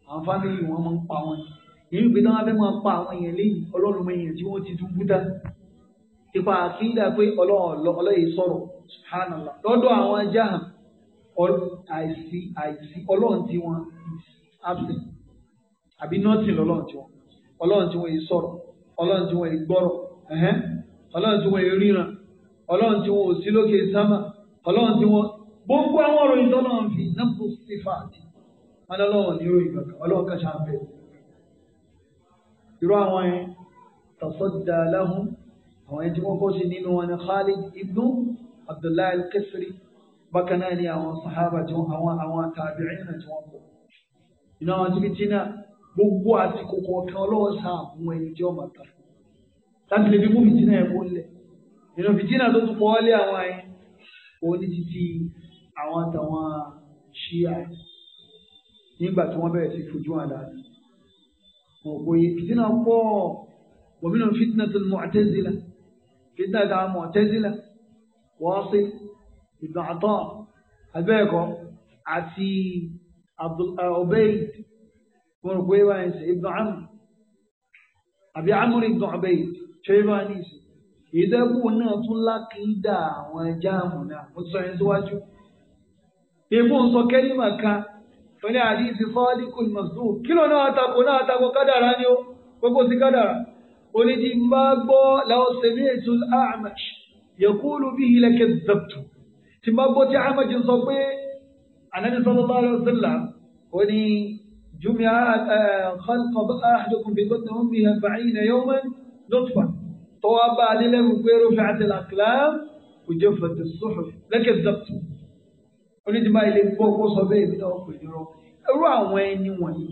àwọn fámìlì wọn máa ń pa wọn èyí pé táwọn fẹ́ máa pa àwọn èèyàn lẹ́yìn ọlọ́run mọ èèyàn tí wọ́n ti dùn búdà ipa àkíńdà pé ọlọ́yìn sọ̀rọ̀ subhanallah lọ́dọ̀ àwọn jahan àìsí àìsí ọlọ́run tí wọ́n absent àbí nothing lọ́lọ́run tí wọ́n ọlọ́run tí wọ́n yìí sọ̀rọ̀ ọlọ́run tí wọ́n yìí gbọ́rọ̀ ọlọ́run tí wọ́n yìí ríran ọlọ́run tí wọ́n ò sí lókè sámà ọlọ́run tí wọ́n gbogbo àwọn òròyìn tọ́lọ́run fi nàbó sífà ní ọlọ́run ní òròyìn kankan ọlọ́run kan ṣàǹfẹ́ irú àwọn yẹn tàṣọdà aláhùn àwọn yẹn tí wọ́n kọ́ sí nínú wọn ní Khalid ibnu Abdullahi al-Qasri bákan náà ni àwọn sahaba tí wọ́n àwọn àwọn tàbíìn náà tí wọ́n kọ́ iná àwọn tí tí náà gbogbo àsìkò kọ̀ọ̀kan ọlọ́run sàmú ẹni tí ọmọ kan láti lè fi mú fìtínà ẹ̀kọ́ lẹ̀ òun ní títí àwọn tàwọn ṣíà nígbà tí wọ́n bẹ̀rẹ̀ sí fojú hàn dáadáa wọn kò yẹ fìtínà pọ̀ wọ́n mìíràn fìtínà tó Mu'tazila fìtínà tó Mu'tazila Wasil ibn Ata abẹ́ẹ̀kọ́ àti eh, Ubayd wọn kò yẹ báyìí ibn Amr àbí Amr ibn Ubayd ṣé báyìí ìdẹ́kù náà tún lákìídà àwọn jáàmù náà mo sọ yẹn síwájú. Èbú ń sọ kẹ́límà kan pẹ̀lú àdìsí fọ́ọ́dí kò ní màsú. Kílò náà tako náà tako kádàrá ni ó gbogbo sí kádàrá. Onídìí ń bá gbọ́ làwọn sẹ̀mí ètò Ahmed yẹ̀kúlù bí ilẹ̀kẹ̀ zẹ̀tù. Tí bá gbọ́ tí Ahmed sọ pé Anabi sallallahu alaihi wasallam ó ní jùmíà eh, khalqa ahadukum bí gbọ́dọ̀ ń bí ẹgbàáyìn náà yawman nutfa tọ́wọ́ bá a nílẹ̀ mú pé rúfẹ́ àti làkìlám kò jẹ́ fẹ̀tẹ̀ sọ́fẹ̀ lẹ́kẹ̀ dọ́tù onídìbá ilé gbọ́ kó sọ bẹ́ẹ̀ mi náà pè nírọ́ irú àwọn ẹni wọ̀nyí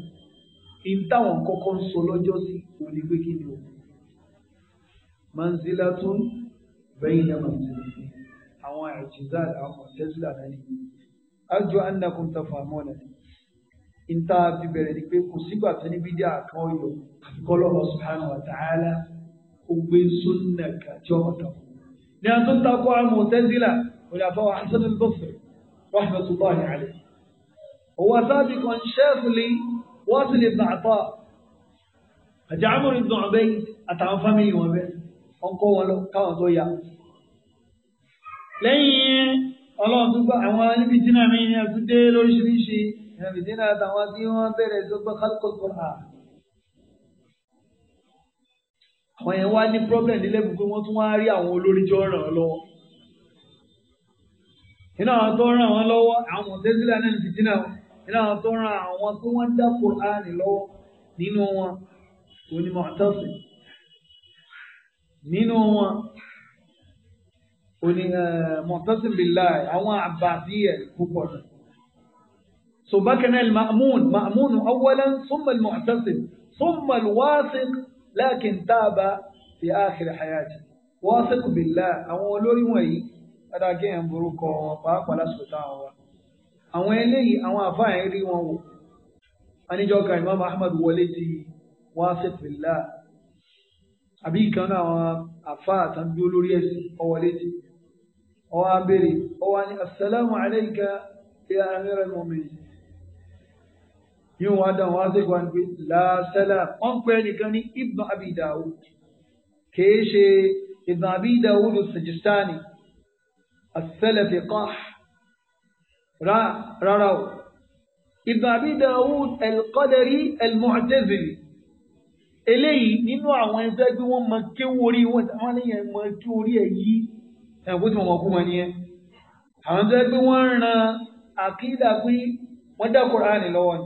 kí n táwọn kọ́kọ́ ń sọ lọ́jọ́ sí òní pé kí ni o manzilatun bẹ́yìn náà manzilatun àwọn àìjíṣà àwọn mọ̀tẹ́sílà náà ni àjọ anakun tafàmọ́ náà n ta fi bẹ̀rẹ̀ ni pé kò sígbà tó ní bídíà kan yọ àfikọ́ lọ́wọ́ subhanahu wa ta'ala ó gbé súnà kàjọ ọ̀tàkù ní a tó ń takò àmọ̀ tẹ́sílà olùyàfọwọ́ hasan al-basri rahmatulahi alayhi owó asábì kan ṣẹ́ẹ̀fùlì wọ́n sì lè bàtọ́ àjàmùr ibn Ubayd àtàwọn fámìlì wọn bẹ́ẹ̀ wọ́n kọ́ wọn lọ káwọn tó yà. lẹ́yìn ọlọ́run tó gbà àwọn níbi tí náà mi yẹn tún dé lóríṣiríṣi ẹ̀mí náà àtàwọn tí wọ́n bẹ̀rẹ̀ tó gbọ́ kálukọ̀ kọ́ àwọn yẹn wá ní problem nílé mi pé wọ́n tún wá rí àwọn olórí jọ ràn án lọ́wọ́ iná àwọn tó ràn wọ́n lọ́wọ́ àwọn mọ̀tẹ́sílẹ̀ náà ní fìtínà iná àwọn tó ràn àwọn tí wọ́n dá Kùránì lọ́wọ́ nínú wọn onímọ̀tẹ́sì nínú wọn oni mọ̀tọ́sí bilayi àwọn àbàdíyẹ púpọ̀ rẹ̀. so bákan náà ma'amun ma'amun awwalan summa al-mu'tasim lakin taaba fi akhir hayati wasiq billah àwọn olórí wọ̀nyí padà kéèyàn burúkọ wọn pàápàá lásìkò táwọn wa àwọn eléyìí àwọn àfáàyàn rí wọn wò aníjọ kan imam ahmed wọlé ti wasiq billah àbí ìkan náà àwọn àfáà tán bí olórí ẹsìn ọwọlé ti ọwọ abèrè ọwọ ni asalaamu alayka ya amira al-mu'minin yíò wá dáhùn wá sí ìgbà pé làásẹ́là wọ́n pẹ́ nìkan ní ibn abi dawud kìí ṣe ibn abi dawud sajistani asẹ́lẹ̀fẹ̀ kọ́h rárá o ibn abi dawud elkadari elmu'tazili eléyìí nínú àwọn ẹgbẹ́ bí wọ́n máa ké orí wọn àwọn èèyàn máa ké orí ẹ̀ yí ẹ̀kú tí wọ́n mọ̀ kú wọn nìyẹn àwọn ẹgbẹ́ bí wọ́n ran àkídà pé wọ́n dá Kùránì lọ́wọ́ ni.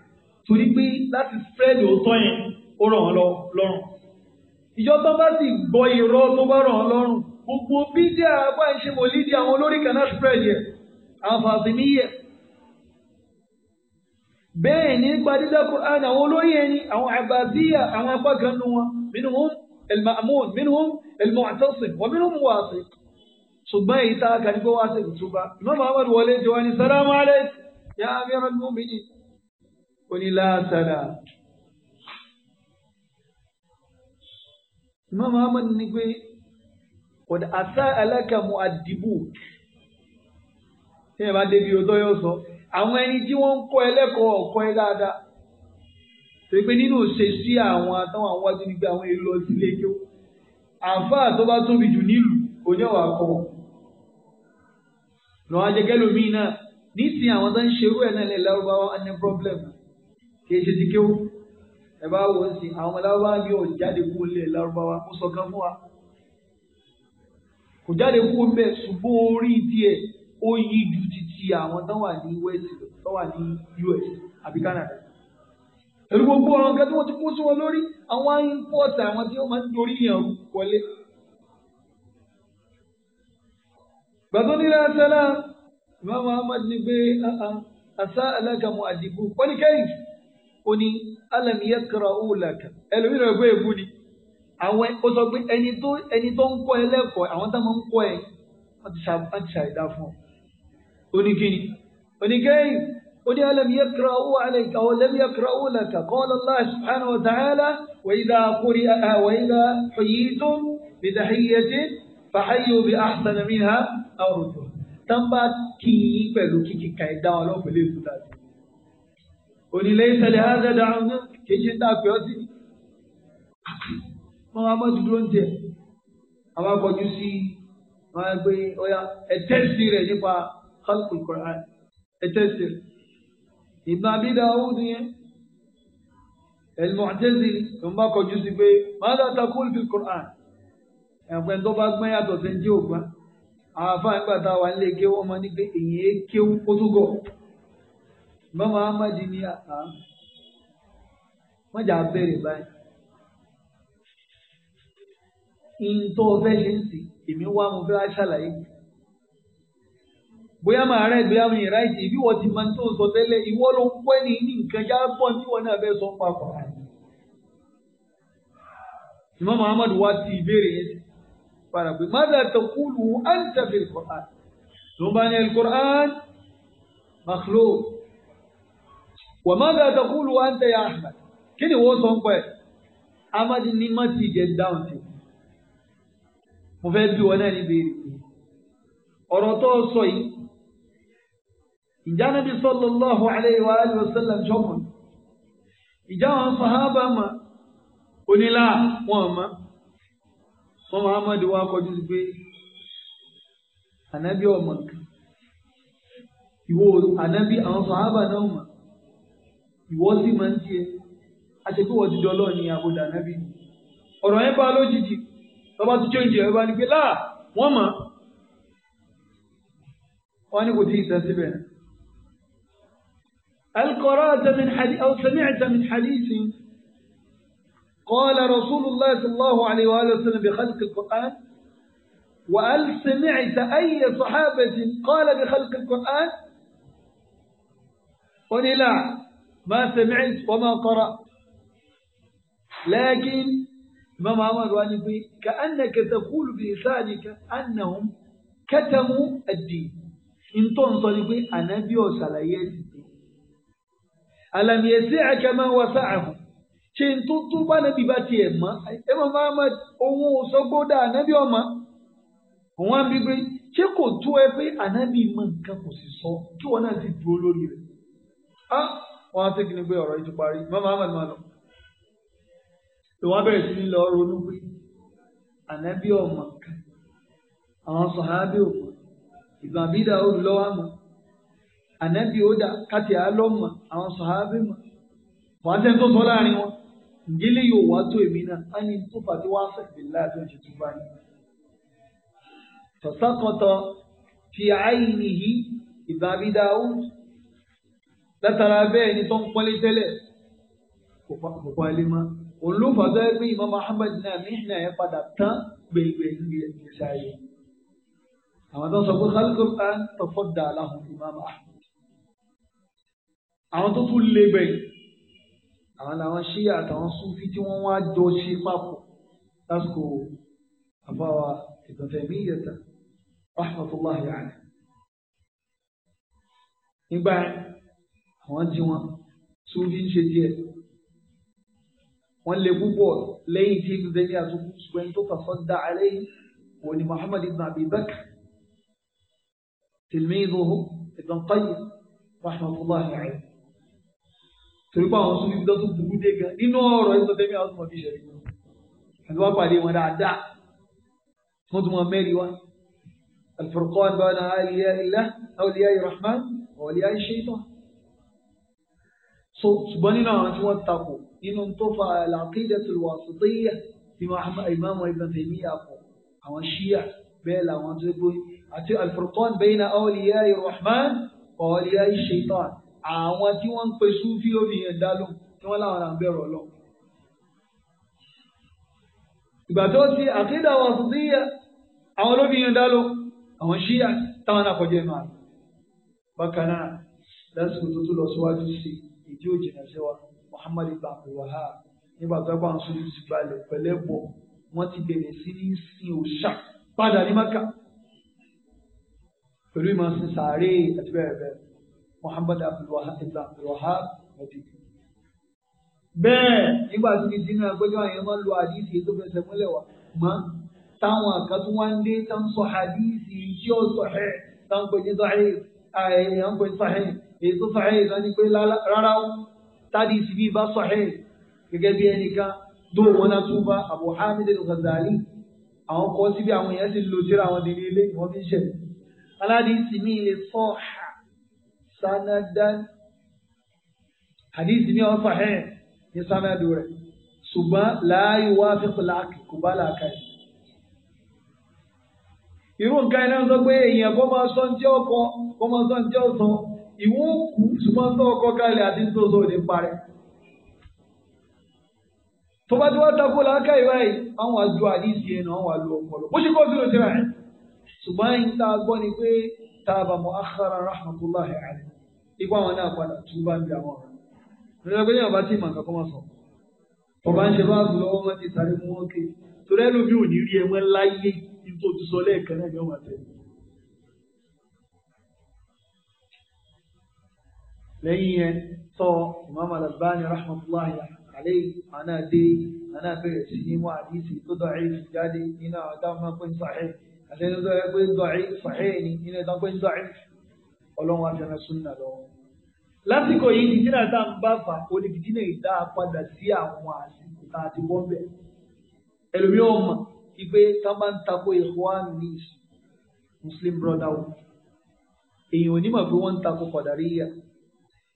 torí pé láti spread òótọ́ yẹn ó ràn wọ́n lọ́rùn ìjọ tó bá sì gbọ́ irọ́ tó bá ràn wọ́n lọ́rùn gbogbo bídíà bá ń ṣe mòlídìí àwọn olórí kan náà spread yẹ àǹfààní níyẹ bẹ́ẹ̀ ní gbadídá Qur'an àwọn olórí ẹni àwọn àbàdíyà àwọn apá kan nu wọn minhum al-ma'mun minhum al-mu'tasim wa minhum wasiq ṣùgbọ́n èyí tá a kàn ní kó wá sí ìtúbà Imam wọlé jẹ́ wá ní sálámù alaykum ya amira al-mu'minin ó ní láàtàlà. Imam Ahmad ní pé kòdà àṣà alákàmù àdìbò tí ẹ bá débi ọdọ yóò sọ àwọn ẹni tí wọ́n ń kọ́ ẹlẹ́kọ̀ọ́ ọkọ ẹ dáadáa torí pé nínú ṣe sí àwọn àtàwọn àwọn wájú nígbà àwọn èèyàn lọ sílé kí ó àǹfààní tó bá tóbi jù nílùú kò ní ọ̀wà kọ́ lọ́wọ́ ajẹgẹ́lómi náà nísìnyí àwọn tó ń ṣerú ẹ̀ náà lè lárúbáwá á ní kì í ṣe ti kéwú ẹ bá wò ó sí àwọn ọmọláwá yìí ò jáde kú lé lárúbáwá mo sọ kan fún wa kò jáde kú mbẹ ṣùgbọ́n orí tiẹ̀ ó yí ju titi àwọn tó wà ní west tó wà ní US àbí Canada pẹ̀lú gbogbo ọ̀rọ̀ nǹkan tí wọ́n ti kó sí wọn lórí àwọn ìpọ́ọ̀tì àwọn tí wọ́n máa ń dorí yàn wọlé. gbàtọ́ nílẹ̀ asálà ìmáàmù Ahmad ní pé àṣà alágàmù àdìgbò pọ́nìkẹ́yìn ó ní alẹ́mi yẹ kẹrọ owó lẹ́kẹ̀ ẹlòmíràn ẹgbẹ́ ègbú ni àwọn ó sọ pé ẹni tó ẹni tó ń kọ́ ẹ lẹ́kọ̀ọ́ àwọn tá máa ń kọ́ ẹ wọ́n ti ṣàìdá fún ọ oníkíni oníkẹ́yìn oní alẹ́mi yẹ kẹrọ owó alẹ́ àwọn alẹ́mi yẹ kẹrọ owó lẹ́kẹ̀ kọ́lá láì sùhánà ọ̀tàhálà wẹ̀yìnlá kúri wẹ̀yìnlá ṣòyìntó bìtàhìyẹtì fàáyò bí àṣàlẹ̀ mi ha àrùtò pẹ̀lú kíkì ká ẹ̀dá ọlọ́pẹ̀lẹ́ ìfúta sí i onílé ìtẹ̀lẹ̀ àádẹ́dà ọ̀nà kejì ń dàpẹ́ ọtí. wọ́n wá mọ́tò dúró ń tẹ̀ àwọn akọ̀jú sí wọ́n á gbé ọ̀yà ẹ̀tẹ́sì rẹ̀ nípa khalqul Qur'an ẹ̀tẹ́sì rẹ̀. Ibn Abi Dawud nìyẹn al-Mu'tazili ló ń bá kọjú sí pé madha taqul fil Qur'an ẹ̀pẹ́ tó bá gbẹ́ yàtọ̀ sí ń jẹ́ ògbà àwọn afáàgbà táwa ń lè kéwọ́ ọmọ nígbẹ́ èyí é kéwú kótógọ̀. Imam Ahmed ní àká mọ̀jà béèrè báyìí. Ntọ́ fẹ́ ṣe ń sìn, èmi wá mo fẹ́ wá ṣàlàyé. Bóyá màá rẹ̀ bóyá mi ìrà ìtì, ìbí wọ́n ti máa ń tó sọ tẹ́lẹ̀, ìwọ ló ń pẹ́ ní ní nǹkan já pọ̀ tí wọ́n náà fẹ́ sọ papọ̀. Imam Ahmed wá ti ìbéèrè yẹn sí pé mada takulu anta fil Qur'an. Tó ń bá ní al-Qur'an, makhluq wàmọ́gà takulu wa ń tẹ̀yà ahmed kí ni wọ́n sọ ń pẹ́ ahmed ní má ti jẹ dáhùn sí mo fẹ́ bí wọn náà níbi ọ̀rọ̀ tó sọ yìí ìjà nàbí sallallahu alayhi wa alihi wa sallam sọmọ ìjà wọn sàhábà mà onílà wọn mà wọn muhammadu wa kọjú sí pé ànábì ọmọ ìwọ ànábì àwọn sàhábà náà mà ìwọ sì máa ń tiẹ̀ àṣepé wọ́n ti di ọlọ́run ní àbúdà nábì ọ̀rọ̀ yẹn bá lójijì lọ́ba tó change ẹ̀ bá ní pé láà wọ́n mọ̀ wọ́n ní kò tí ì sẹ́ síbẹ̀. القراءة من حديث أو سمعت من حديث قال رسول الله صلى الله عليه وآله وسلم بخلق القرآن وهل سمعت أي صحابة قال بخلق القرآن قل لا ما سمعت وما قرأت لكن إمام أحمد وانفي كأنك تقول بلسانك أنهم كتموا الدين إن تنصر أنا بيوصل يزيد ألم يسعك ما وسعهم ṣe ń tó tó bá nàbí bá tiẹ̀ mọ́ ẹ mọ̀ Muhammad òun ò sọ gbọ́dọ̀ ànábì ọmọ òun á bí pé ṣé kò tó ẹ pé ànábì mọ̀ nǹkan kò sì sọ kí wọn náà sì dúró lórí rẹ̀ wọ́n á tẹ́kì ní pé ọ̀rọ̀ yìí ti parí mọ́mọ́ ahmed máa lọ. ìwà bẹ̀rẹ̀ sí ní lọ ronú pé ànábì ọ̀mọ̀ kan àwọn sọ̀hábì ọ̀mọ̀ ìgbà bídà olùlọ́wọ́ àmọ́ ànábì ọ̀dà káti àlọ́mọ̀ àwọn sọ̀hábì mọ̀ wọ́n á tẹ́ tó sọ láàrin wọn ìdílé yóò wá tó èmi náà á ní tó fàtí wá fẹ̀sẹ̀ láti oṣù tó bá yìí. tọ̀sánkọ̀tọ̀ fi àìníhì ìgbà bídà olùlọ́wọ́ látara bẹ́ẹ̀ ni tó ń pọ́nlé tẹ́lẹ̀ kò pa ilé mọ́ òun ló fà sọ́yẹ́ pé Imam Ahmad náà mihna ẹ̀ padà tán gbègbè ìgbésí ayé àwọn tó ń sọ pé kálukú ká tọ́fọ́ dà láhùn Imam Ahmad àwọn tó tún lé bẹ́ẹ̀ àwọn làwọn ṣíyà àtàwọn súnfí tí wọ́n wá jọ ṣe papọ̀ lásìkò àbáwa ìgbọ̀ntẹ̀mí ìyẹ̀tà rahmatullahi alayhi nígbà yẹn àwọn jí wọn sófì ń ṣe díẹ̀ wọ́n lè púpọ̀ lẹ́yìn tí ibi bẹ́ẹ̀ ní àtúntò ṣùgbọ́n tó fàfọ́ dá àlẹ́yìn wọ́n ni muhammad ibn abi bakr tilmiduhu ibn qayyim rahmatulahi alayhi torí pé àwọn sófì tó tún burú dé gan nínú ọ̀rọ̀ ẹ̀ tó tẹ́lẹ̀ àwọn tó mọ̀ bí ṣẹlẹ̀ gan pàdé wọn dáadáa wọ́n tún mọ̀ mẹ́rin wá الفرقان بين أولياء الله أولياء الرحمن وأولياء الشيطان so ṣùgbọ́n nínú àwọn tí wọ́n takò nínú tó fa al-aqidatul wasitiyyah tí Imam Ibn Taymiyyah kọ àwọn ṣíyà bẹ́ẹ̀ làwọn tó gbé àti al-Furqan bayna awliya'i rahman wa awliya'i shaitan àwọn tí wọ́n ń pe sufi obìnrin dálò tí wọ́n láwọn náà bẹ̀rù lọ. ìgbà tó ti àkídà wasitiyyah àwọn olóbìnrin dálò àwọn ṣíyà táwọn náà máa bákan náà lásìkò tó tún lọ síwájú sí i ìdí òjìnà sí wa Muhammad ibn Abdulwahab nígbà tó bá ń sojú sí balẹ̀ pẹ̀lẹ́pọ̀ wọ́n ti bẹ̀rẹ̀ sí ní sin òòṣà padà ní maka pẹ̀lú ìmọ̀ sin sàárè àti bẹ́ẹ̀ bẹ́ẹ̀ Muhammad ibn Abdulwahab ọ̀dì. bẹ́ẹ̀ nígbà tí dínà gbẹ́jọ́ àyẹ̀ máa ń lo àdìsí tó fẹsẹ̀ múlẹ̀ wá mọ́ táwọn àkàtún wá ń dé tá sọ àdìsí tí sọ ẹ̀ tá ń sọ ẹ̀ àyẹ̀ ń sọ ẹ̀ èyí tó sọ̀hẹ́ ìlànà pé rárá tádì sí bí bá sọ̀hẹ́ gẹ́gẹ́ bí ẹnìkan dó wọn náà tún bá Abu Hamid al-Ghazali àwọn kọ́ síbi àwọn èèyàn ti lò síra àwọn dèrè ilé wọn fi ń ṣẹ̀. aládìsí mi lè sọ̀hà sanadan àdìsí mi ọ̀ sọ̀hẹ́ ní sanadu rẹ̀ ṣùgbọ́n láàyè wá fi pèláàkì kò bá làákà yìí. irú nǹkan iná sọ pé èèyàn kó máa sọ ní tí kó máa sọ ní tí iwu kù ṣùgbọ́n tó ọkọ kalẹ̀ àti tó sọ òde parẹ́. tó bá ti wá takò láńkà ìwá yìí àwọn àjọ àdìsí ẹ̀ náà wà lọ ọpọlọ bó ṣe kọ́ ṣùgbọ́n yìí tá a gbọ́ ni pé tábà àwọn ọ̀rọ̀. kọ́ máa sọ. ọba ń ṣe bá àgùlọ wọn ti sáré mú wọn lẹ́yìn yẹn sọ Imam Al-Albani rahmatullahi alayhi àná dé àná bẹ̀rẹ̀ sí ní wọn àdìsí tó dọ̀ ẹ́ fi jáde nínú àwọn táwọn máa ń pè ní sàhẹ́ àti ẹni tó yẹ pé dọ̀ ẹ́ sàhẹ́ ni nínú ẹ̀dá pé ń dọ̀ ẹ́ ọlọ́run àfẹ́rẹ́ súnà lọ́wọ́. lásìkò yìí nìjìnà tá à ń bá fà ó ní fìdínà ìdá padà sí àwọn àsìkò tá a ti wọ́n bẹ̀. ẹlòmíì ò mọ̀ kí pé ká máa ń takò ikhwan ní Muslim brotherhood èèyàn ò ní mọ̀ pé wọ́n ń takò Qadariyya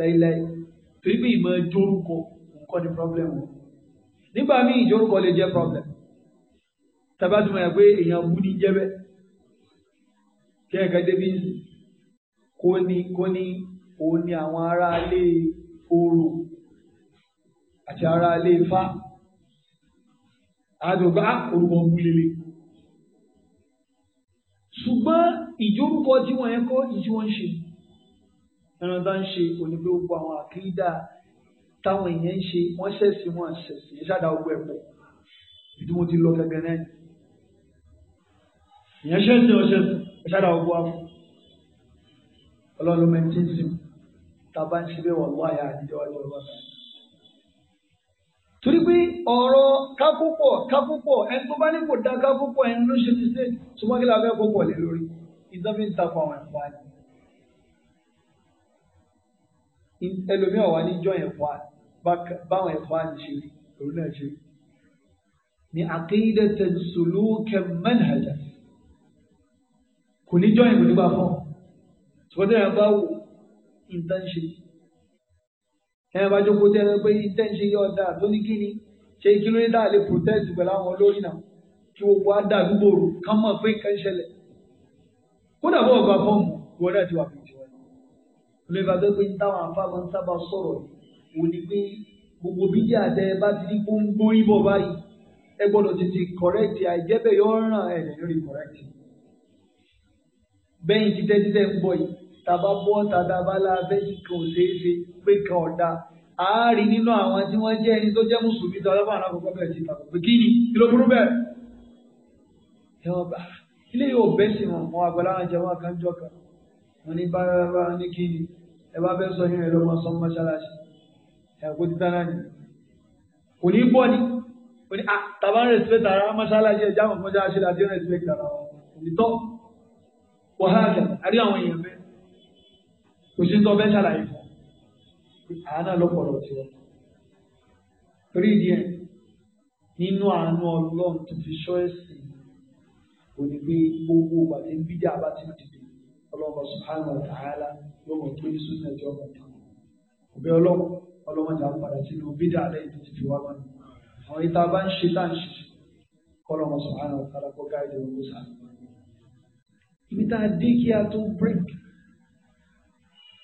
láíláí torí pé ìmọ̀ jorúkọ nǹkan ni problem o nígbà míì jorúkọ lè jẹ́ problem tàbí àtúmọ̀ yà pé èèyàn bú ní jẹ́bẹ́ kí ẹ̀ka débi kó ní kó ní òun ni àwọn aráalé orò àti aráalé ifá àdùgbà ah, orúkọ gbúlélẹ̀ ṣùgbọ́n ìjórúkọ tí wọ́n yẹn kọ́ ìjí wọ́n ń ṣe ẹran tá ń ṣe òní pé gbogbo àwọn àkídà táwọn èèyàn ń ṣe wọ́n ṣẹ̀sì wọ́n ṣẹ̀sì ẹ̀ ṣáda ogun ẹ̀pọ̀ ìdí mo ti lọ gẹ́gẹ́ náà èèyàn ṣẹ̀sì ọ̀ ṣẹ̀sì ẹ̀ ṣáda ogun afọ ọlọ́run mẹ́tí sí mi tá a bá ń ṣe bẹ́ẹ̀ wọ́n wáyà àdìjọ́ wájú ọlọ́run torí pé ọ̀rọ̀ kápúpọ̀ kápúpọ̀ ẹni tó bá ní kò dá kápúpọ̀ ẹni ló ṣe ti ṣe ṣùgbọ́n la fẹ́ kó pọ̀ lé lórí ìdánfẹ́ ẹlòmíràn wà níjọ́ yẹn fún wa báwọn ẹ̀fọ́ àti ṣe rí òun náà ṣe rí. ní àkéyídẹ́ sulukan manhaja kò níjọ́ yẹn kò ní bá fọ́ ṣùgbọ́n tẹ́lẹ̀ bá wò nǹkan ṣe ẹ bá jókòó tẹ́lẹ̀ pé nǹkan ṣe yọ ọ̀dà tó ní kí ni ṣe kí ló ní dáa lè protest pẹ̀lú àwọn olórí náà kí gbogbo á dàdúgbò rò kán mọ̀ pé nǹkan ṣẹlẹ̀ kódà bọ́ọ̀ bá fọ́ọ̀mù ìwọ náà ti wà fún lóba tó pé táwọn afáàmọ́ ń sábà sọ̀rọ̀ wò ni pé gbogbo bídí àdẹ bá ti ní gbóngbó ibò báyìí ẹ gbọ́dọ̀ tètè kọ̀rẹ́tì àìjẹ́bẹ̀ yóò ràn ẹ̀ lórí kọ̀rẹ́tì. bẹ́yìn títẹ́ títẹ́ ń bọ̀ yìí tàbá bọ́ tàdàbá lábẹ́ nìkan ò ṣeé ṣe pé kan ọ̀dà àárín nínú àwọn tí wọ́n jẹ́ ẹni tó jẹ́ mùsùlùmí tó ọlọ́pàá náà kọ́kọ́ bẹ̀rẹ̀ sí tàbí pé kí ni kí ló burú bẹ́ẹ̀. ẹ̀wọ̀n bá ilé yóò bẹ́ sí wọn wọn àgbàlá wọn jẹ wọn kan jọ kan wọn ní bá ní kí ni ẹ bá fẹ́ sọ yín ẹ lọ́mọ sọ mọ́ṣáláṣí ẹ̀kú ti dáná ni kò ní bọ́ ni kò ní tàbá ń respect ara mọ́ṣáláṣí ẹ̀já àwọn mọ́ṣáláṣí láti respect ara wọn kò ní tọ́ wọ́n há àgbà àrí àwọn èèyàn fẹ́ kò sí tọ́ fẹ́ ṣàlàyé fún àánà lọ́pọ̀lọ́ tí wọ́n torí díẹ̀ nínú àánú ọlọ́run tó fi ṣọ́ ẹ̀sìn òní pé gbogbo wà ní bá ti di ọlọ́mọ subhanahu wa ta'ala yóò mọ̀ tó ní súnà ìjọ ọmọ ìta ọbẹ̀ ọlọ́mọ ọlọ́mọ jà ń padà sínú bídà lẹ́yìn tó ti fi wá mọ́ ni àwọn ìta bá ń ṣe tá ń ṣe kọ́lọ́mọ subhanahu wa ta'ala kọ́ gáàdì ọmọ sàn. ibi tá a dé kí a tó break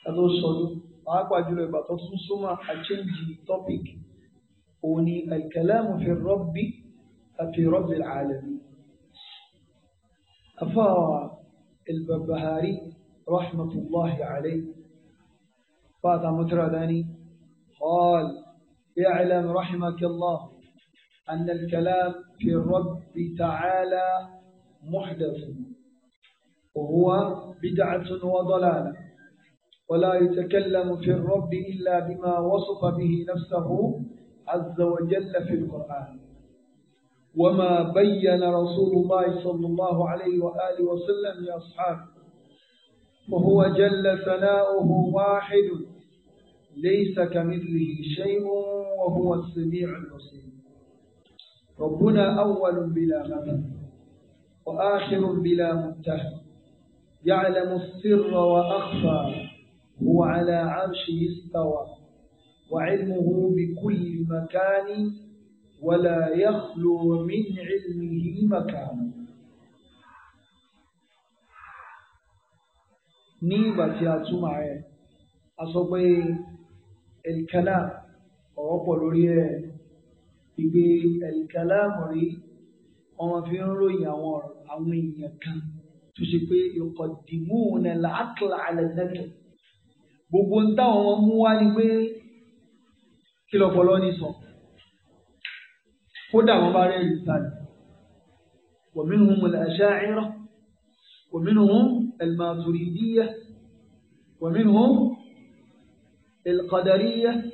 a tó sọdún pàápàá jùlọ ìgbà tó tún súnmọ́ a change topic òun ni al fi rabbi àfi rabbil alamin. afa الببهاري رحمة الله عليه فاتا مترداني قال اعلم رحمك الله أن الكلام في الرب تعالى محدث وهو بدعة وضلالة ولا يتكلم في الرب إلا بما وصف به نفسه عز وجل في القرآن وما بين رسول الله صلى الله عليه وآله وسلم لأصحابه وهو جل ثناؤه واحد ليس كمثله شيء وهو السميع البصير ربنا أول بلا مثل وآخر بلا منتهى يعلم السر وأخفى هو على عرشه استوى وعلمه بكل مكان ولا يخلو من علمه مكان نيبة ياتوما أصبي الكلام ọ̀pọ̀lọ́ rí ẹ ìgbé ẹ̀lìkàlámù rí ọmọ fi ń ròyìn àwọn ọ̀rọ̀ àwọn èèyàn kan tó ṣe pé ìkọ̀dìmú ní làákìlà àlẹ́lẹ́kẹ̀ gbogbo ń táwọn mú wá ni pé kí lọ́pọ̀lọ́ ní sọ. كودا مباري الثاني ومنهم الأشاعرة ومنهم الماتريدية ومنهم القدرية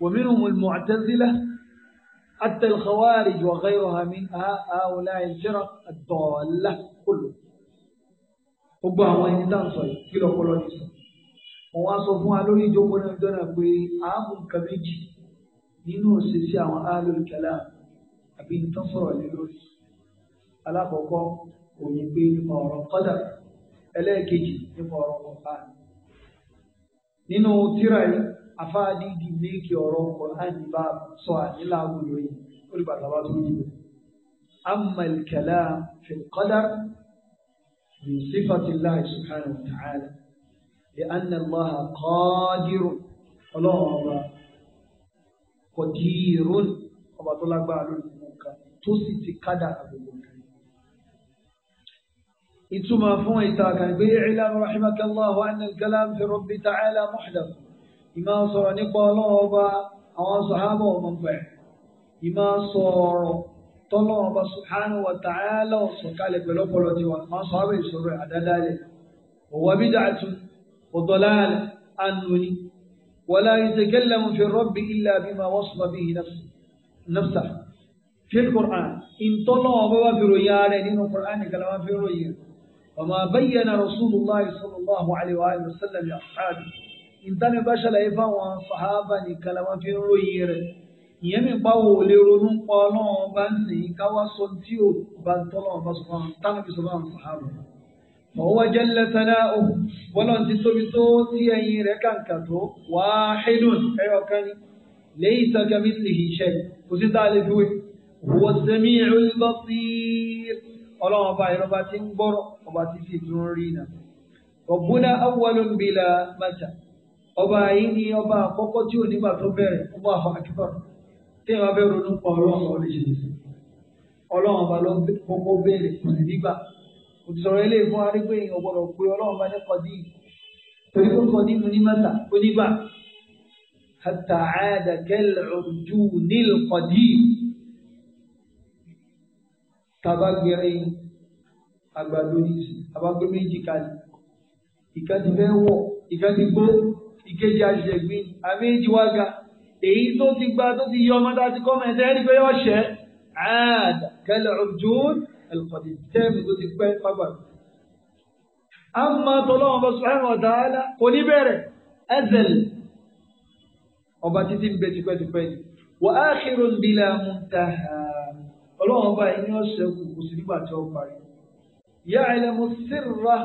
ومنهم المعتزلة حتى الخوارج وغيرها من هؤلاء الفرق الضالة كله ugbọ àwọn ẹni náà sọ yìí kí lọpọlọ ti sọ òun á sọ fún wa lórí àbí ní tán sọ̀rọ̀ lé lórí. alákọ̀ọ́kọ́ kò ní pé nípa ọ̀rọ̀ kọ́dà ẹlẹ́ẹ̀kejì nípa ọ̀rọ̀ kọ̀ọ̀kan. nínú tíra yìí afáàdì di méèkì ọ̀rọ̀ kọ̀ọ̀kan bá sọ ànílá àwùjọ yìí ó lè bàtà bá tó yìí bẹ̀. أما الكلام في القدر من صفة الله سبحانه وتعالى لأن الله قادر الله قدير ọba tó lágbára lónìí tó sì ti kádàrá gbogbo nǹkan. ìtumọ̀ fún ìta kan gbé ìlà rahimakallahu anna al-kalam fi rabbi ta'ala muhdath ìmọ̀ sọ̀rọ̀ nípa ọlọ́wọ́ ọba àwọn sọ̀hábà ọmọ pẹ̀ ìmọ̀ sọ̀rọ̀ tọ́lọ́ ọba wa ta'ala sọ̀kalẹ̀ pẹ̀lú ọpọlọ tiwọn àwọn sọ̀hábà ìṣòro àdádálẹ̀ òwò bídàtú òdọ̀láàlẹ̀ ànúni ولا يتكلم في الرب إلا بما وصف به نفسه نفسه fil Qur'an ìtọ́nà ọba wa fi ròyìn ara ẹ̀ nínú Qur'an nìkan la wá fi ròyìn ọmọ bayyana Rasulullahi sallallahu alaihi wa sallam ya ṣáàbì ìtàní bá ṣàlàyé fáwọn sàhábà nìkan la wá fi ròyìn rẹ̀ ìyẹn mi pa wò lè ronú pa ọlọ́run bá ń sìn ká wá sọ tí ò bá ń tọ́lọ́ ọba sọ̀rọ̀ tánà fi sọ̀rọ̀ àwọn sàhábà. Mọ̀wá jẹ́ lẹ́sẹ̀lá o, bọ́lá ti tóbi tó tí ẹyin rẹ̀ kàǹkà tó, wàá hídùn ẹyọ kan ní, lẹ́yìn ìtàkà mi sì hì ṣẹ́, kò sí tá a lè fi wé huwa sami'ul basir ọlọ́run ọba yẹn ọba ti ń gbọ́rọ̀ ọba ti fi tún rí náà ọ̀gbúnà awwalun bila mata ọba yìí ni ọba àkọ́kọ́ tí ò nígbà tó bẹ̀rẹ̀ ọba àwọn akíkọ̀ tí ìwà bẹ́ẹ̀ ronú pa ọlọ́run ọba lè ṣe sí ọlọ́run ọba ló kọ́kọ́ béèrè kò nígbà kò ilé ìfún arígbé èèyàn gbọ́dọ̀ tába gbẹrẹ àgbàdo nìyí abágbé méjì kalẹ̀ ìkan ti fẹ́ wọ̀ ìkan ti gbó ìkejì àṣẹgbìn àméjì wá ga èyí tó ti gba tó ti yọ ọmọ tá a ti kọ́ ọmọ ẹ̀sẹ̀ ẹni pé yọ ṣẹ́ àádà kẹlẹ̀ ọ̀dùn ẹ̀lùkọ̀dì tẹ́ẹ̀mù tó ti pẹ́ fábà. àmọ́ tọ́lọ́wọ́n bá subhanahu wa ta'ala kò ní bẹ̀rẹ̀ ẹ̀zẹ̀l ọba títí ń bẹ tipẹ́tipẹ́ ni wà á kírun bílà mùtàhà ọlọ́run ọba yìí ni ó ṣẹ́gun kò sí nígbà tí ó parí. ìyá ẹlẹ́mu sírra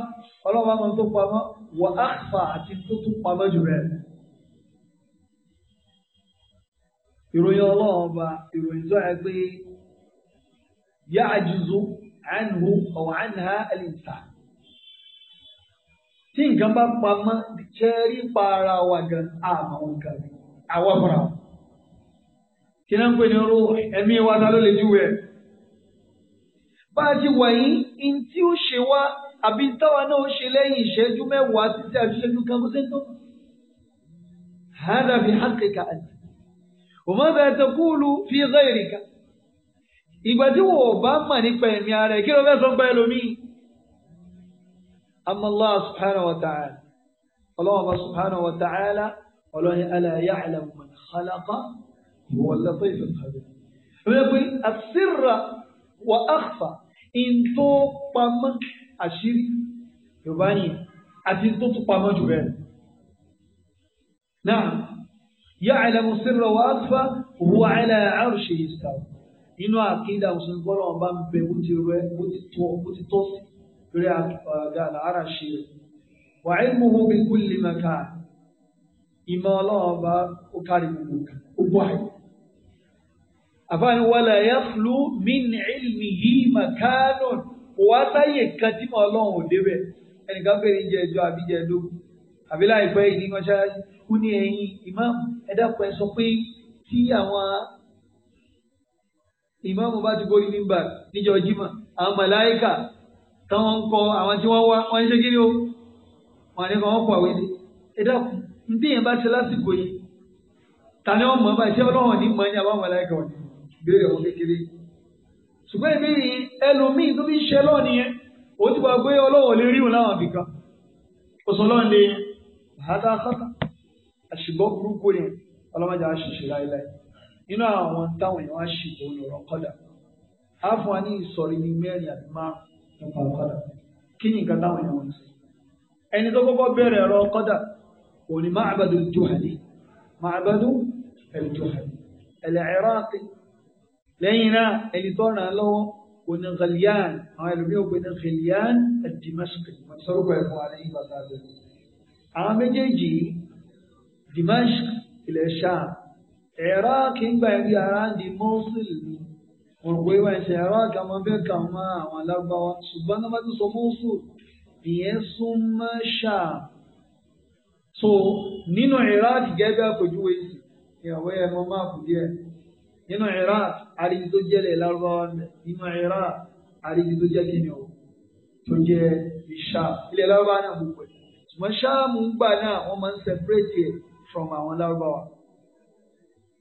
ọlọ́run àwọn tó pamọ́ wà á fà àti tó tún pamọ́ jù rẹ̀. ìròyìn ọlọ́run ọba ìròyìn tó yẹ pé yá àjùzù àánú ọ̀wọ̀ àánú ẹlẹ́ta. tí nǹkan bá pamọ́ ṣe rí para wa gan àmọ́ nǹkan àwa fúnra wọn kí náà ń pè ní rúù ẹ̀mí wa ta ló lè júwe ẹ̀. bá a ti wà yín in tí ó ṣe wá àbí táwa náà ṣe lẹ́yìn ìṣẹ́jú mẹ́wàá títí àjọṣẹ́jú kan kó sẹ́ńtọ́. هذا في حقك أنت وماذا تقول في غيرك ìgbà tí wò bá mà nípa ẹ̀mí ara ẹ̀ kí ló fẹ́ sọ pé ẹlòmíì. أما الله سبحانه وتعالى الله سبحانه وتعالى ọlọ́ni ألا يعلم من خلق هو اللطيف الخبير wípé السر wà áfà ìntò pamọ́ يباني yorùbá yìí àti ìntò يعلم السر وأخفى وهو على عرشه استوى inú àkídà mùsùlùmí kọ́ lọ́wọ́ bá ń bẹ bó ti rẹ bó ti tọ́ bó ti tọ́ sí lórí àga àlàárà ṣe rẹ̀ wà á mú hu bí kúlì mẹ́ka ìmọ̀ ọlọ́wọ́ bá ó kárí gbogbo gbogbo àyè àfáàní wàlà yàflú min ilmi yìí màkánùn wà sáyè kan tí mo ọlọ́run ò débẹ̀ ẹnìkan fèrè jẹ ẹjọ́ àbíjẹ ẹdógún àbí láìpẹ́ yìí ní mọ́ṣáláṣí kú ní ẹ̀yìn ìmáàmù ẹ̀dàpọ̀ ẹ sọ pé tí àwọn ìmáàmù bá ti gorí mímbà níjọ jimá àwọn màláìkà táwọn ń kọ àwọn tí wọ́n wá wọ́n ń ṣe kí ni o wọ́n ní kàn wọ́n pọ̀ àwé ẹ̀dàpọ̀ ntí yẹn bá ṣe lásìkò yìí ìbéèrè àwọn kékeré ṣùgbọ́n ìbéèrè yẹn ẹlòmíín tó fi ń ṣe lọ́ọ̀ nìyẹn ó ti wá gbé ọlọ́wọ́ lè ríhùn láwọn àbíkan ó sọ lọ́ọ̀ lè hàdá sátà àṣìgbọ́ burúkú yẹn ọlọ́mọdé àṣìṣe láéláé nínú àwọn táwọn èèyàn àṣìgbọ́ lọ́rọ̀ kọ́dà á fún wa ní ìsọ̀rí ní mẹ́rin àti márùn nípa kọ́dà kí ni nǹkan táwọn èèyàn ń ẹni tó kọ́kọ́ bẹ̀rẹ̀ ẹ̀rọ kọ́dà òní máa bàdó lẹ́yìn náà ẹni tó ràn án lọ́wọ́ kò ní Ghaliyan àwọn ẹlòmíràn kò ní Ghaliyan ad-Dimashqi wọ́n sọ̀rọ̀ pẹ̀lú fún wa lẹ́yìn bàtà bẹ̀rẹ̀. àwọn méjèèjì Dimashq ilẹ̀ Sham ẹ̀rọ kì í gbà ẹ̀rí ara ń di Mosul ni wọ́n pè wá ẹ̀sẹ̀ ẹ̀rọ àkàmọ́ bẹ́ẹ̀ kà mọ́ àwọn alágbáwá ṣùgbọ́n náà bá ti sọ Mosul ìyẹn súnmọ́ Sham so nínú Iraq gẹ́gẹ́ àpèjúwe ìsìn ìyàwó ẹ̀ mọ́ máa kù díẹ̀ nínú Iraq àríbi tó jẹ́lẹ̀ lárúbáwá ń bẹ nínú Iraq àríbi tó jẹ́ kíni o tó jẹ́ Sham ilẹ̀ lárúbáwá náà gbogbo ẹ̀ ṣùgbọ́n Sham ń gbà náà wọ́n máa ń separate ẹ̀ from àwọn lárúbáwá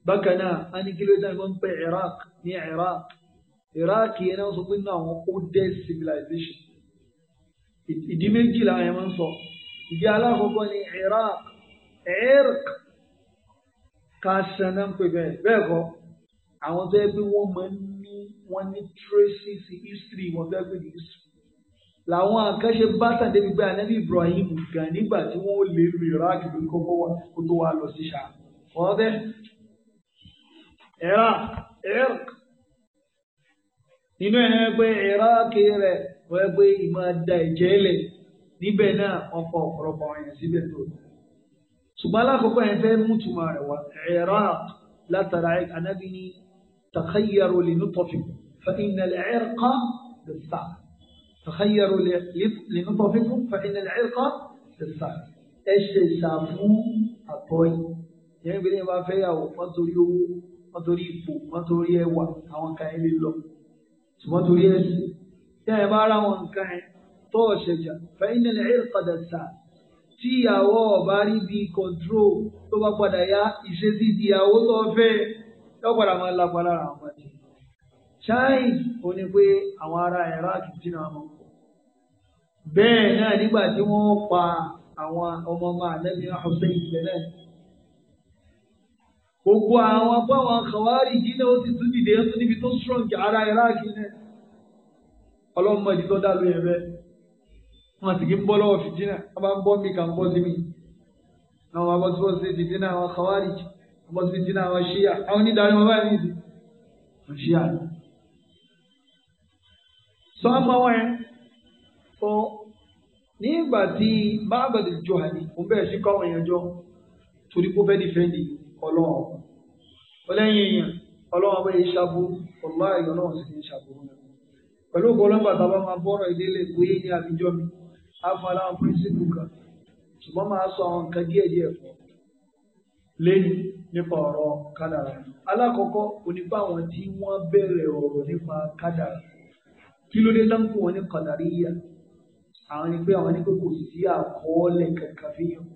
bákan náà a ní kílódé náà wọ́n ń pè Iraq ní Iraq Iraq yẹn náà sọ pé nínú àwọn oldest civilization ìdí méjì làwọn yẹn máa ń sọ ìdí alákọ̀ọ́kọ́ ní Iraq Iraq kásán náà ń pè bẹ́ẹ̀ bẹ́ẹ̀ kọ́ àwọn tó yẹ pé wọ́n máa ń ní wọ́n ní traces history wọn fẹ́ pè ní history làwọn àkànṣe bátàn débi pé anabi ibrahim gan nígbà tí wọ́n lè lu iraq lórí kọ́kọ́ wa kó tó wá lọ sí ṣá wọ́n bẹ́ iraq iraq nínú ẹ̀ pé iraq rẹ̀ wọ́n pé ìmọ̀ da ẹ̀jẹ̀ lẹ̀ níbẹ̀ náà wọ́n fọ ọ̀pọ̀lọpọ̀ àwọn èèyàn síbẹ̀ tó ṣùgbọ́n alákọ̀ọ́kọ́ yẹn fẹ́ mú tùmọ̀ rẹ̀ wá iraq látara anabi ni. تخيروا لنطفكم فإن العرق بالصعب تخيروا لنطفكم فإن العرق بالصعب إيش سافو أبوي يعني بلي ما فيا وفضريو فضريفو فضريو هوا كان يللو ثم تريس يعني ما رأوان كان توشجا فإن العرق بالصعب ti yàwó bari bi kontro tó bá padà yá ìṣesí ti yàwó tó fẹ́ yóò padà máa lápá lára àwọn ọmọdé ṣáìn ò ní pé àwọn ará iraq jìnnà wọn kọ bẹ́ẹ̀ náà nígbà tí wọ́n pa àwọn ọmọ ọmọ àlẹ́bí ọ̀sẹ̀ ìgbẹ́ náà gbogbo àwọn báwọn kàwárì jìnnà ó sì tún dìde ó tún níbi tó strong ará iraq náà ọlọ́mọdé tó dá lóyè rẹ wọn sì kí ń bọ́ lọ́wọ́ fìdí náà wọ́n bá ń bọ́ mi kà ń bọ́ sí mi àwọn abọ́sibọ́sí fìdí náà àwọn kàwárì jìnnà ọmọ tó ti dín àwọn ṣíyà àwọn onídàárí wọn báyìí nìyí wọn ṣíyà ni. sọ ọmọ wọn yẹn sọ ní ìgbà tí bábàdì jọ àní òun bẹ̀rẹ̀ sí kọ́ àwọn èèyàn jọ torí kó fẹ́ẹ́ dìfẹ́ǹdì ọlọ́run ọlẹ́yìn èèyàn ọlọ́run ọmọ yìí ṣàbù ọlọ́ àyọ̀ náà sì ń ṣàbù pẹ̀lú ògbó ọlọ́gbà tá a bá máa bọ́rọ̀ ìdílé bóyá ní àbíjọ́ mi á fún aláwọn kan ṣùgbọ́n máa sọ àwọn nǹkan díẹ̀ fún ọ lẹ́yìn nípa ọ̀rọ̀ kádàrà alákọ̀ọ́kọ́ onípa àwọn tí wọ́n bẹ̀rẹ̀ ọ̀rọ̀ nípa kádàrà kí ló dé dáńkù wọn ní kọ̀dàríyà àwọn ni pé àwọn ní pé kò sí àkọọ́lẹ̀ kankan fi hàn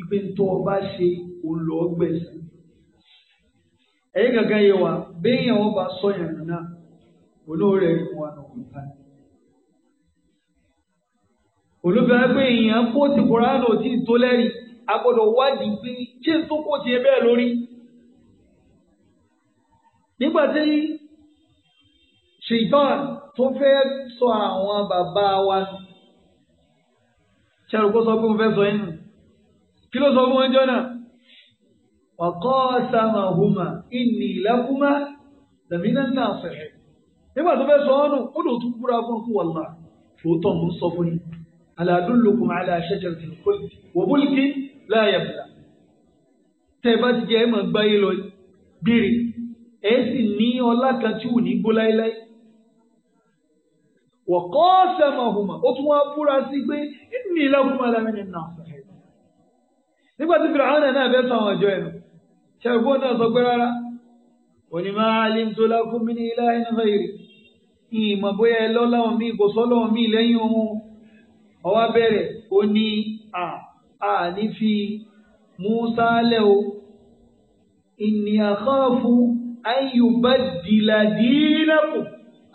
ipe tó o bá ṣe o lọ gbẹ̀sán ẹ̀yìn kankan yẹ wa béèyàn wọn bá sọyàn náà olóore wọn nà wọn bá olùfẹ́ pé èèyàn kó ti kóra lò tí ì tó lẹ́rìí a gbọ́dọ̀ wádìí pé ṣé tó kó tiẹ̀ bẹ́ẹ̀ lórí. nígbà tí ṣèitán tó fẹ́ sọ àwọn bàbá wa ṣẹ́rù kó sọ pé mo fẹ́ sọ yín nù kí ló sọ fún wọn jọ náà. وقاسمهما إني لكما لمن الناصحين nígbà tó fẹ́ sọ ọ́ ó lò tún búra fún fún wàllá fòótọ́ mò ń sọ fún yín ala adullukum ala shajaratil khuldi wa mulkin láàyè bùlà tẹ́ ẹ bá ti jẹ ẹ máa gbáyé lọ gbére ẹ sì ní ọlá kan tí ò ní gbó láéláé wọ̀kọ́ sẹ́mọ̀hùmá ó tún wá búra sí pé ní ìlàkùnmá lára ní nà nígbà tí fìràhánà náà fẹ́ sọ àwọn ọjọ́ ẹ̀ ṣàgbọ́n náà sọ pé rárá onímọ̀ alimtu lakum min ilahin ghayri ìmọ̀ bóyá ẹ lọ́lọ́wọ́ mi kò sọ́lọ́wọ́ mi lẹ́yìn ohun ọwọ́ bẹ̀rẹ̀ ó ní à ah, àní fi Musa lẹ́ o inni akhafu an yubaddila dinakum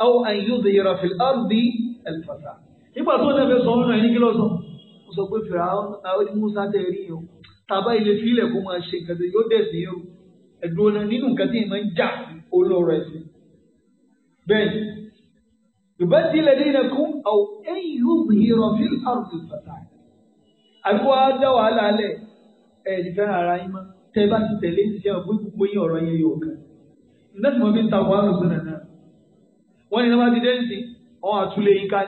aw an yudhira fil ardi al-fasad. nígbà tó ní ẹ̀fẹ̀ sọ ọ́nà ẹni kí ló sọ ó sọ pé fìrà àwọn Musa tẹ̀ rí o tàbá ilé fílẹ̀ kó máa ṣe nǹkan tó yóò dẹ̀sìn yóò ẹ̀dùn ọ̀nà nínú nǹkan tí ìmọ̀ ń jà olóró ẹ̀sìn. bẹ́ẹ̀ ìbá tilẹ̀ dín iná kún àwọn ẹ̀yìn yóò hìrọ̀ àbí wàá dá wàhálà alẹ̀ ẹ̀ ẹ̀ fẹ́ràn ara yín mọ́ tẹ́ ẹ bá ti tẹ̀lé ìṣiṣẹ́ ọ̀gbẹ́ gbogbo yín ọ̀rọ̀ yẹn yóò kàn nọ́ọ̀sì mọ́ fi ń ta wàhálà sọ̀nà náà wọ́n ní lọ́wọ́ ti dé ǹsì wọ́n àtúlé yín ká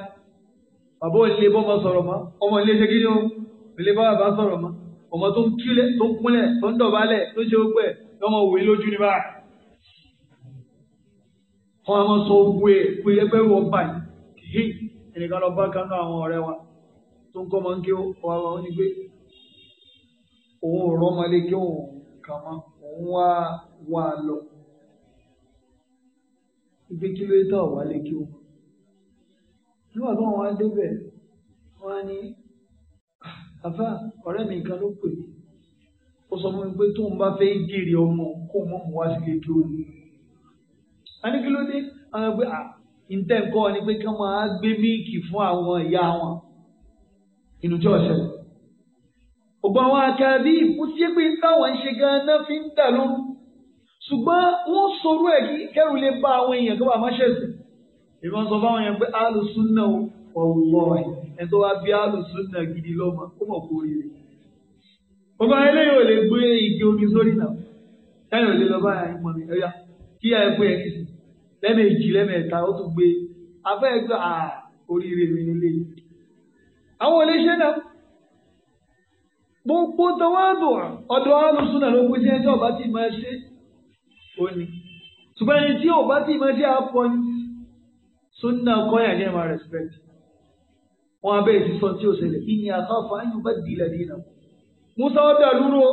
bàbá òní lè bọ́mọ sọ̀rọ̀ mọ́ ọmọ ilé ṣe kíni o ilé bá bàbá sọ̀rọ̀ mọ́ ọmọ tó ń kílẹ̀ tó ń kúnlẹ̀ tó ń dọ̀bálẹ̀ tó ṣe gbẹ lọ́mọ wòye lójú ni báyìí wọ́n á mọ sọ gbé pé ẹgbẹ́ wọn báyìí kìí ẹnìkan lọ bá kánú àwọn ọ̀rẹ́ wa tó ń kọ́ máa ń ké ọ̀rọ̀ ni pé òun ò rọ́mọlé kí òun kà mọ́ òun wá wá lọ ibi kí ló tọ̀ wá lé kí o nígbà tó wọn wá débẹ̀ wọn á ní àfà ọ̀rẹ́ mi kan ló pè mí ó sọ fún mi pé tóun bá fẹ́ jèrè ọmọ kó mọ́ mọ́ wá sílé kí o ní. a ní kí ló dé àwọn ẹgbẹ́ à ń tẹ̀ ń kọ́ ọ ni pé kí wọ́n á gbé míìkì fún àwọn ìyá wọn inú tí ọ̀sẹ̀ ògbọ́n àwọn akadé kò sí pé táwọn ń ṣe ganan fi ń dà lóru ṣùgbọ́n wọ́n sọ̀rọ̀ ẹ̀ kí kẹ́rù lè bá àwọn èèyàn tó bá má ṣẹ̀ṣẹ̀ ìwọ́n sọ fáwọn èèyàn pé alùsùn náà ọ̀wọ́ ẹ̀ ẹ̀ tó wá bí alùsùn náà gidi lọ́mọ ó mọ̀ kó rí rẹ̀ gbogbo àwọn eléyìí ò lè gbé igi omi sórí náà táyọ̀ lè lọ bá ìmọ̀ mi ẹ̀yà kí ẹ̀ gbé ẹ̀ lẹ́mẹ̀ẹ́jì lẹ́mẹ̀ẹ́ta ó tún gbé afẹ́ gbé à oríire mi nílé yìí àwọn iléeṣẹ́ náà gbogbo tọwọ́dù ọ̀dọ̀ alùsùn náà ló pín sí ẹni tí ọba ti máa ṣe ó ní ṣùgbọ́n ẹni tí ọba ti máa ṣe àpọ̀ ni sunna kọ́yà ní ẹ̀ma respect wọn abẹ́rẹ́ sísọ tí ó ṣẹlẹ̀ ìní àkọ́fọ́ ayùn bá dìlẹ̀ dínà musa ọ̀dà lúró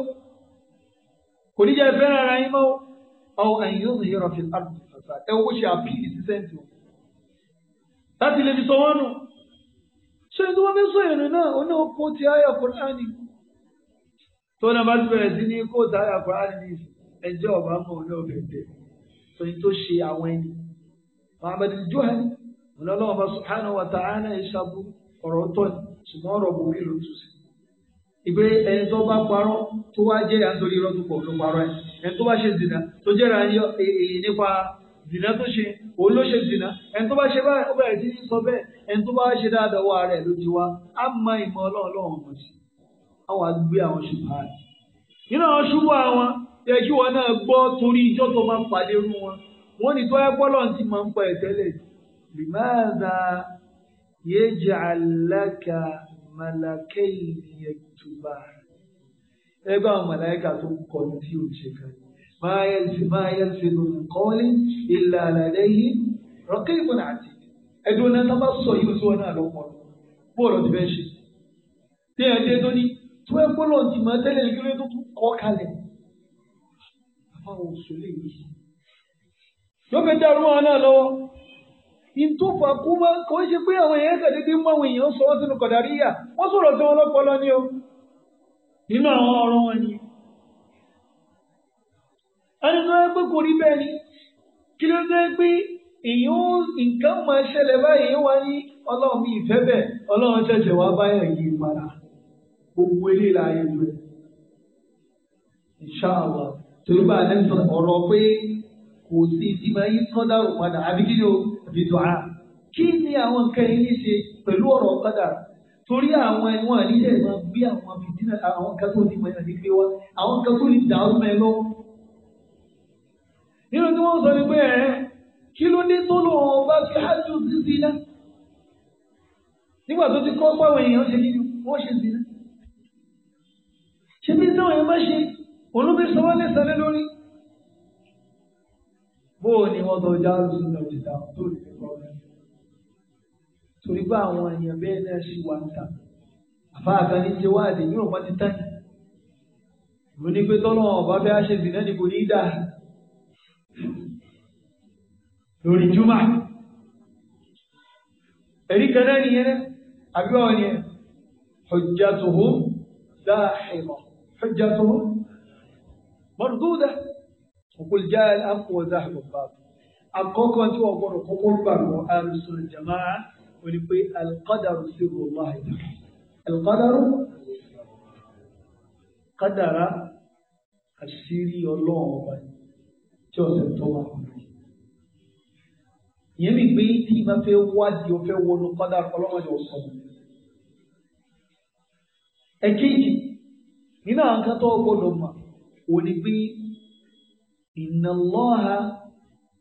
kò ní jẹ́ fẹ́ràn ara yín mọ́ ọ̀ àyìn yóò yọrọ̀ fi àrùn ẹ̀ wọ́n ṣe àpìlì sí sẹ́ńtì láti lè fi sọ wọ́n nù ṣé tí wọ́n fẹ́ sọ ìrìn náà ó náà kó ti àyà kúránì tó náà bá ti bẹ̀rẹ̀ sí ní kó ti àyà kúránì ní ẹjọ́ ọ̀bá mọ̀ ní ọ̀bẹ̀ tẹ̀ tó ní tó ṣe àwọn ẹni Muhammad Juhani ọlọ́lọ́wọ́ bá subhanahu wa ta'ala ìṣàbù ọ̀rọ̀ tọ́ ni ṣùgbọ́n ọ̀rọ̀ bò mí ló tù sí. ìgbé ẹni tó bá parọ́ tó wá jẹ́rìí àtòrí irọ́ tó pọ̀ ló parọ́ ẹ̀ ẹni tó bá ṣe zìnà tó jẹ́rìí zina tó ṣe òun ló ṣe zina ẹni tó bá ṣe báyìí ó bẹ̀rẹ̀ sí ní sọ bẹ́ẹ̀ ẹni tó bá ṣe dáadáa wà rẹ̀ ló ti wá á mọ ìmọ̀ ọlọ́run lọ́wọ́ mọ̀ sí àwọn àgbẹ̀ àwọn ṣùgbọ́n àti. nínú àwọn ṣùgbọ́n àwọn yẹ kí wọn náà gbọ́ torí ijọ́ tó máa ń pàdé rú wọn wọn ni tó ẹ gbọ́lọ̀ ti máa ń pọ̀ ẹ̀ tẹ́lẹ̀ limaza yaj'al laka malakayn yaktuban ẹgbẹ́ àwọn màláíkà tó kọ ní tí ما يلفظ ما يلفظ من قول إلا لديه رقيب عتيد أدونا تبص يوزونا لهم بولو تبشي تي أدوني تو بولو تي ما تلي الكلو تو كوكالي فهو سليم يوم يدارون أنا لو ìtòfà kú mọ́ kò ń ṣe pé àwọn èèyàn kàdé dé mọ́ àwọn èèyàn sọ wọ́n sínú kọ̀dáríyà wọ́n sọ̀rọ̀ tí wọ́n lọ́pọ̀lọ́ ni o nínú àwọn ọ̀rọ̀ wọn ni ẹni tó yẹ pé kò rí bẹ́ẹ̀ ni kí ló dé pé èyí ó nǹkan máa ṣẹlẹ̀ báyìí wá ní ọlọ́run mi ìfẹ́ bẹ́ẹ̀ ọlọ́run ṣẹ̀ṣẹ̀ wá báyà yìí padà gbogbo eléyìí láàyè rẹ̀ ìṣáàwà torí bá a lẹ́sọ̀ ọ̀rọ̀ pé kò sí ti máa yí kọ́dàrú padà àbí kí ni o àbí tó a kí ni àwọn nǹkan yìí ní ṣe pẹ̀lú ọ̀rọ̀ padà torí àwọn ẹ̀wọ̀n àníjẹ́ máa gbé àwọn fìdí àwọn nǹkan tó ti mọ̀ ẹ̀ nínú tí wọ́n sọ ni pé ẹ̀ kí ló dé tó lòun ọba fi hajj sísè iná nígbà tó ti kọ́ páwọn èèyàn ṣe kí wọ́n ṣe sí iná ṣe bí táwọn èèyàn bá ṣe olóbi sọ wọ́n lè sálẹ̀ lórí bó o ní wọ́n tọ́jú àrùn sínú ìta tó lè fi kọ́ ọ́nà torí bá àwọn èèyàn bẹ́ẹ̀ náà ṣì wà níta àfáàkà ní ṣe wáàdì yóò wọ́n ti tán ìlú ní pé tọ́lọ́ ọba bẹ́ẹ̀ ṣe sí iná ní kò ní í dáa lórí júmà ẹ̀rí kan náà nìyẹn náà àbí wọn ni hujjatuhum dáhìmọ̀ hujjatuhum mọ̀rùdúdà òkú já àpò dáhìmọ̀ báàbò àkọ́kọ́ tí wọ́n gbọ́dọ̀ kọ́kọ́ gbàgbọ́ àrùsùn jama'a wọ́n ni pé alqadaru sirru Allahi alqadaru kádàrá àṣírí ọlọ́run ọba tí ọ̀sẹ̀ tó wà fún ìyẹn mi gbé tí ma fẹ́ wádìí o fẹ́ wọnú kọ́dà ọlọ́mọdé ọ̀sán. ẹ̀kejì nínú àwọn kan tó gbọdọ̀ mọ̀ ò ní pé inna Allaha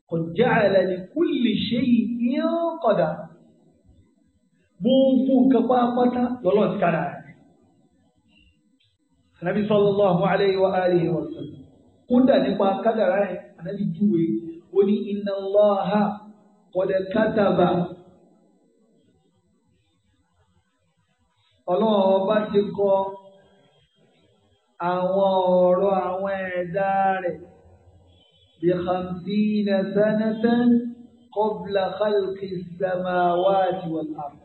qad ja'ala li kulli shay'in qadar gbogbo nǹkan pátápátá lọ́lọ́ ti kára rẹ̀. Ànábì sallallahu alayhi wa alihi wa sallam. Kódà nípa kádàrá yẹn, ànábì júwe, ó ní inna Allaha kọ̀dẹ̀ kátàbà ọlọ́run ọba ti kọ àwọn ọ̀rọ̀ àwọn ẹ̀dá rẹ̀ bí hamsina sanatan qabla khalqi samawati wal ard.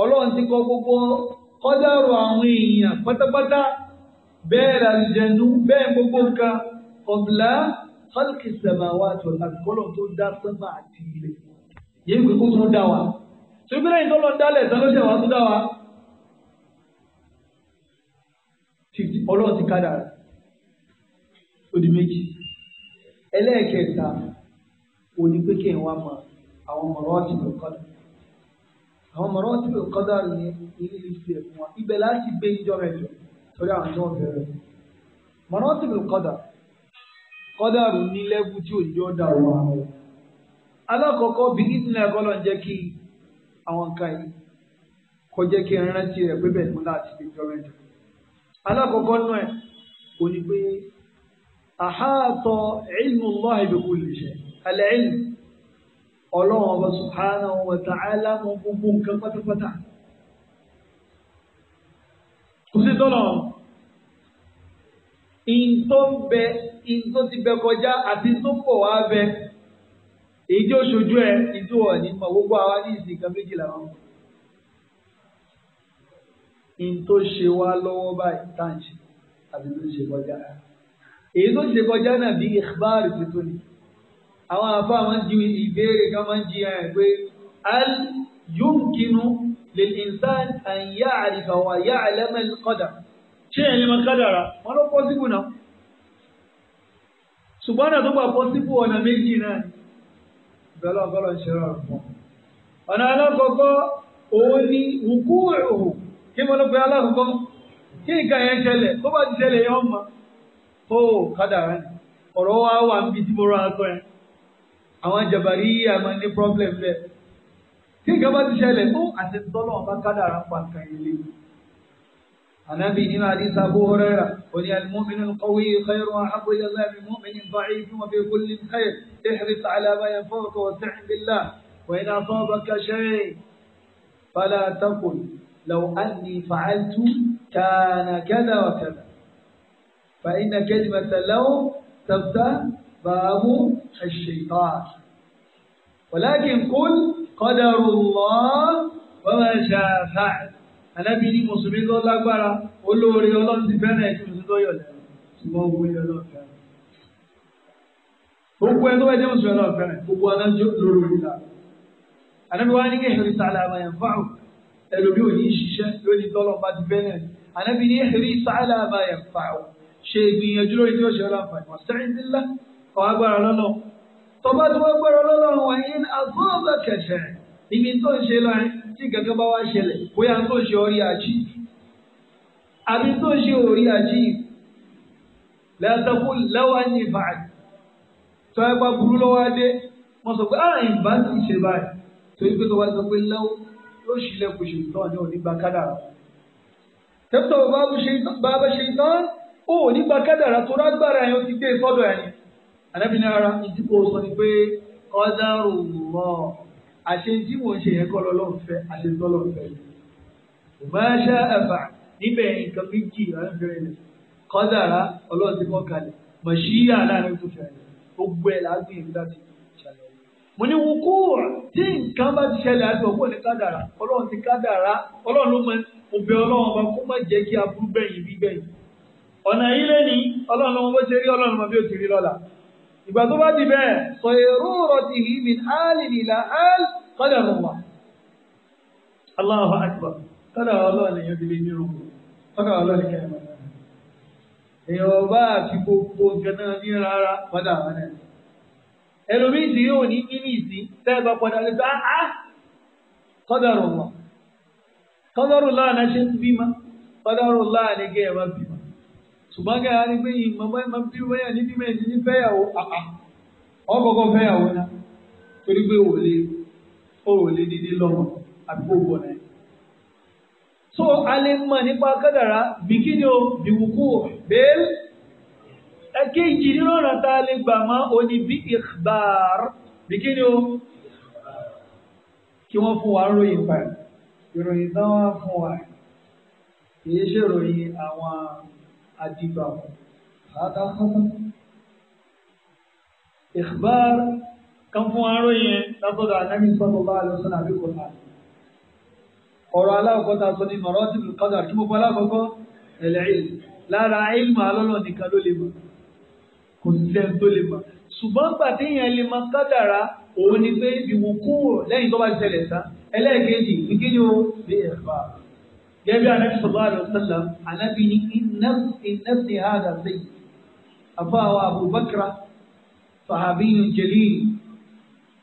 ọlọ́run ti kọ gbogbo kọ́dàrú àwọn èèyàn pátápátá bẹ́ẹ̀ làlùjẹ̀nu bẹ́ẹ̀ gbogbo nǹkan qabla fálkì sẹ̀máwá àti ọ̀la kọ́lọ̀ tó dá sẹ́mà àti ilẹ̀ yéé pé kó tó dá wa ṣùgbọ́n lẹ́yìn tó lọ dálẹ̀ tán ló ṣe wàá tó dá wa ọlọ́run ti kádà rẹ̀ ó di méjì ẹlẹ́ẹ̀kẹta òní pé kí n wá mọ àwọn mọ̀rọ́ ọ̀tí ló kọ́dà àwọn mọ̀rọ́ ọ̀tí ló kọ́dà ní ilé ìfẹ́ fún wa ibẹ̀ láti gbé ìjọba ẹ̀jọ̀ torí àwọn tó ń bẹ̀rẹ̀ mọ̀rọ́ ọ̀tí ló kọ́dà kọ́dàrú ní lẹ́bù tí ò yọ dà wá. alákọ̀ọ́kọ́ bí ìdílé kọ́lọ̀ ń jẹ́ kí àwọn nǹkan yìí kọ́ jẹ́ kí rántí rẹ̀ pé bẹ́ẹ̀ mú láti fi jọ mẹ́jọ. alákọ̀ọ́kọ́ nù ẹ̀ kò ní pé àhàtọ̀ ilmu Allahi bi kulli shay al-ilm ọlọ́run ọba subhanahu wa ta'ala mọ gbogbo nǹkan pátápátá. kò sí tọ́lọ̀ ìntó ń bẹ ìntó ti bẹ kọjá àti ìntó pọ̀ wá bẹ èyí tí ó ṣojú ẹ ìdí wọ̀ ní mọ̀ gbogbo àwa ní ìsìn kan méjìlá wọn. ìntó ṣe wá lọ́wọ́ báyìí tá à ń ṣe àti tó ṣe kọjá èyí tó ṣe kọjá náà bí ìkbáàrì tuntun ni àwọn àbá máa ń ìbéèrè kan máa ń di ẹ̀ pé al yumkinu lil insan an ya'rifa wa ya'lama al qadar. ṣé ẹ̀yin máa kádàrà wọn ló pọ́sibù náà ṣùgbọ́n ọ̀nà tó gbà ọ na méjì náà bẹ́lá ọ̀gọ́lọ̀ ni wùkú òhù kí mo ló pe alákọ̀ọ́kọ́ kí nǹkan yẹn ṣẹlẹ̀ tó bá ti yẹn ọmọ ni wa wà tí mo rọ yẹn àwọn ní problem kí nǹkan bá ti àti tọ́lọ́ عن ابي حديث ابو هريره قل المؤمن القوي خير واحب الى الله من مؤمن ضعيف وفي كل خير احرص على ما ينفعك واستعن بالله وان اصابك شيء فلا تقل لو اني فعلت كان كذا وكذا فان كلمه لو تفتح باب الشيطان ولكن قل قدر الله وما شاء فعل ànábì ní mùsùlùmí tó lágbára olóore ọlọ́run ti fẹ́ràn ẹ̀ tí mùsùlùmí tó yọ̀ lẹ́nu ṣùgbọ́n owó ilé ọlọ́run fẹ́ràn. gbogbo ẹ tó bá jẹ́ mùsùlùmí ọlọ́run fẹ́ràn gbogbo anájọ́ lórí ìlà. ànábì wa ní kí ẹ̀rí sàlẹ̀ àmà yẹn fáwọn ẹlòmí ò ní ṣiṣẹ́ lórí tọ́lọ́ bá ti fẹ́ràn ànábì ní ẹ̀rí sàlẹ̀ àmà yẹn fáwọn ṣe ìgbìyànjú lórí tí tí gẹ́gẹ́ bá wá ṣẹlẹ̀ bóyá tó ṣe orí àjí àbí tó ṣe orí àjí lẹ́tọ́kù lẹ́wọ́ ní ìfààní tó ẹgbà burú lọ́wọ́ adé wọ́n sọ pé àrùn ah, ìbá ti ṣe báyìí tó yí pé tó wá sọ pé lẹ́wọ́ yóò ṣílẹ̀ kò ṣe tán ní onígbà kádàrà tẹ́tọ̀ bàbá ṣe tán ó onígbà kádàrà tó rágbára yẹn ó ti dé sọ́dọ̀ ẹ̀yìn ànábìnrin ara ìdíbò sọ ni pé ọ̀dà rò wọ́n àṣẹ tí mò ń ṣe yẹn kọ́ lọ́lọ́run fẹ́ àṣẹ tọ́lọ́run fẹ́ yìí òmáṣá ẹ̀fà níbẹ̀ nǹkan méjì ọ̀rẹ́bìnrin rẹ̀ kọ́dàrá ọlọ́run ti kọ́ kalẹ̀ mọ̀ṣíyà láàrin tó fẹ́ rẹ̀ gbogbo ẹ̀ láàgbé ìlú láti ṣàlẹ̀ mo ní wọn kó tí nǹkan bá ti ṣẹlẹ̀ àti ọ̀pọ̀ ní kádàrá ọlọ́run ti kádàrá ọlọ́run ló mọ òbẹ̀ ọlọ́run ọba kó má jẹ́ kí aburú bẹ̀yìn bí bẹ̀yìn ọ̀nà yìí lẹ́ni ọlọ́run ló bó ṣe rí ọlọ́run mọ bí ó ti rí lọ́la kọ́dà ló wà Allahu akbar kọ́dà ọlọ́run lèyàn ti lè ní irun kọ́dà ọlọ́run kẹ́ ẹ̀mọ́ náà èèyàn ọba àti gbogbo nǹkan náà ní rárá kọ́dà wọn náà ẹlòmíì tí yóò ní kí ní ìsín tẹ́ẹ̀ bá padà lè sọ áá kọ́dà ló wà kọ́dà ló lánàá ṣe ń bímọ kọ́dà ló lánàá gẹ́ ẹ̀ bá bímọ ṣùgbọ́n kẹ́ ẹ̀ rí pé ìmọ̀ bá bí wọ́n yà ní bí mẹ́rin ní fẹ́yàwó àpá fẹ́yàwó náà torí pé wò lè ó ò lè dídí lọ́mọ àbí gbogbo ọ̀nà yẹn. so a lè mọ nípa kádàrá bikini o biwuku o bẹ́ẹ̀ ẹ̀kejì nínú ọ̀nà tá a lè gbà mọ́ òní bí ìkbàr bikini o kí wọ́n fún wa ń ròyìn pa ìròyìn tán wá fún wa kìí ṣèròyìn àwọn adigbà àtàkùn ìkbàr kan fún aró yẹn látọ̀dọ̀ ànábì sallallahu alaihi wasallam àbí kòtà ọ̀rọ̀ alákọ̀ọ́ta sọ ní maratibul qadar kí gbogbo alákọ̀ọ́kọ́ ẹ̀lẹ́yìn lára ilmu alọ́lọ́ nìkan ló lè mọ̀ kò sí lẹ́nu tó lè mọ̀ ṣùgbọ́n pàtí yẹn lè mọ kádàrá òun ni pé ìwò kúrò lẹ́yìn tó bá ṣẹlẹ̀ tán ẹlẹ́ẹ̀kejì ìkíni o bí ẹ̀fà gẹ́gẹ́ bí anabi sallallahu alaihi wasallam anabi ni ìnẹ́sì hàdà sí àfáà wa abubakar sahabiyun jalil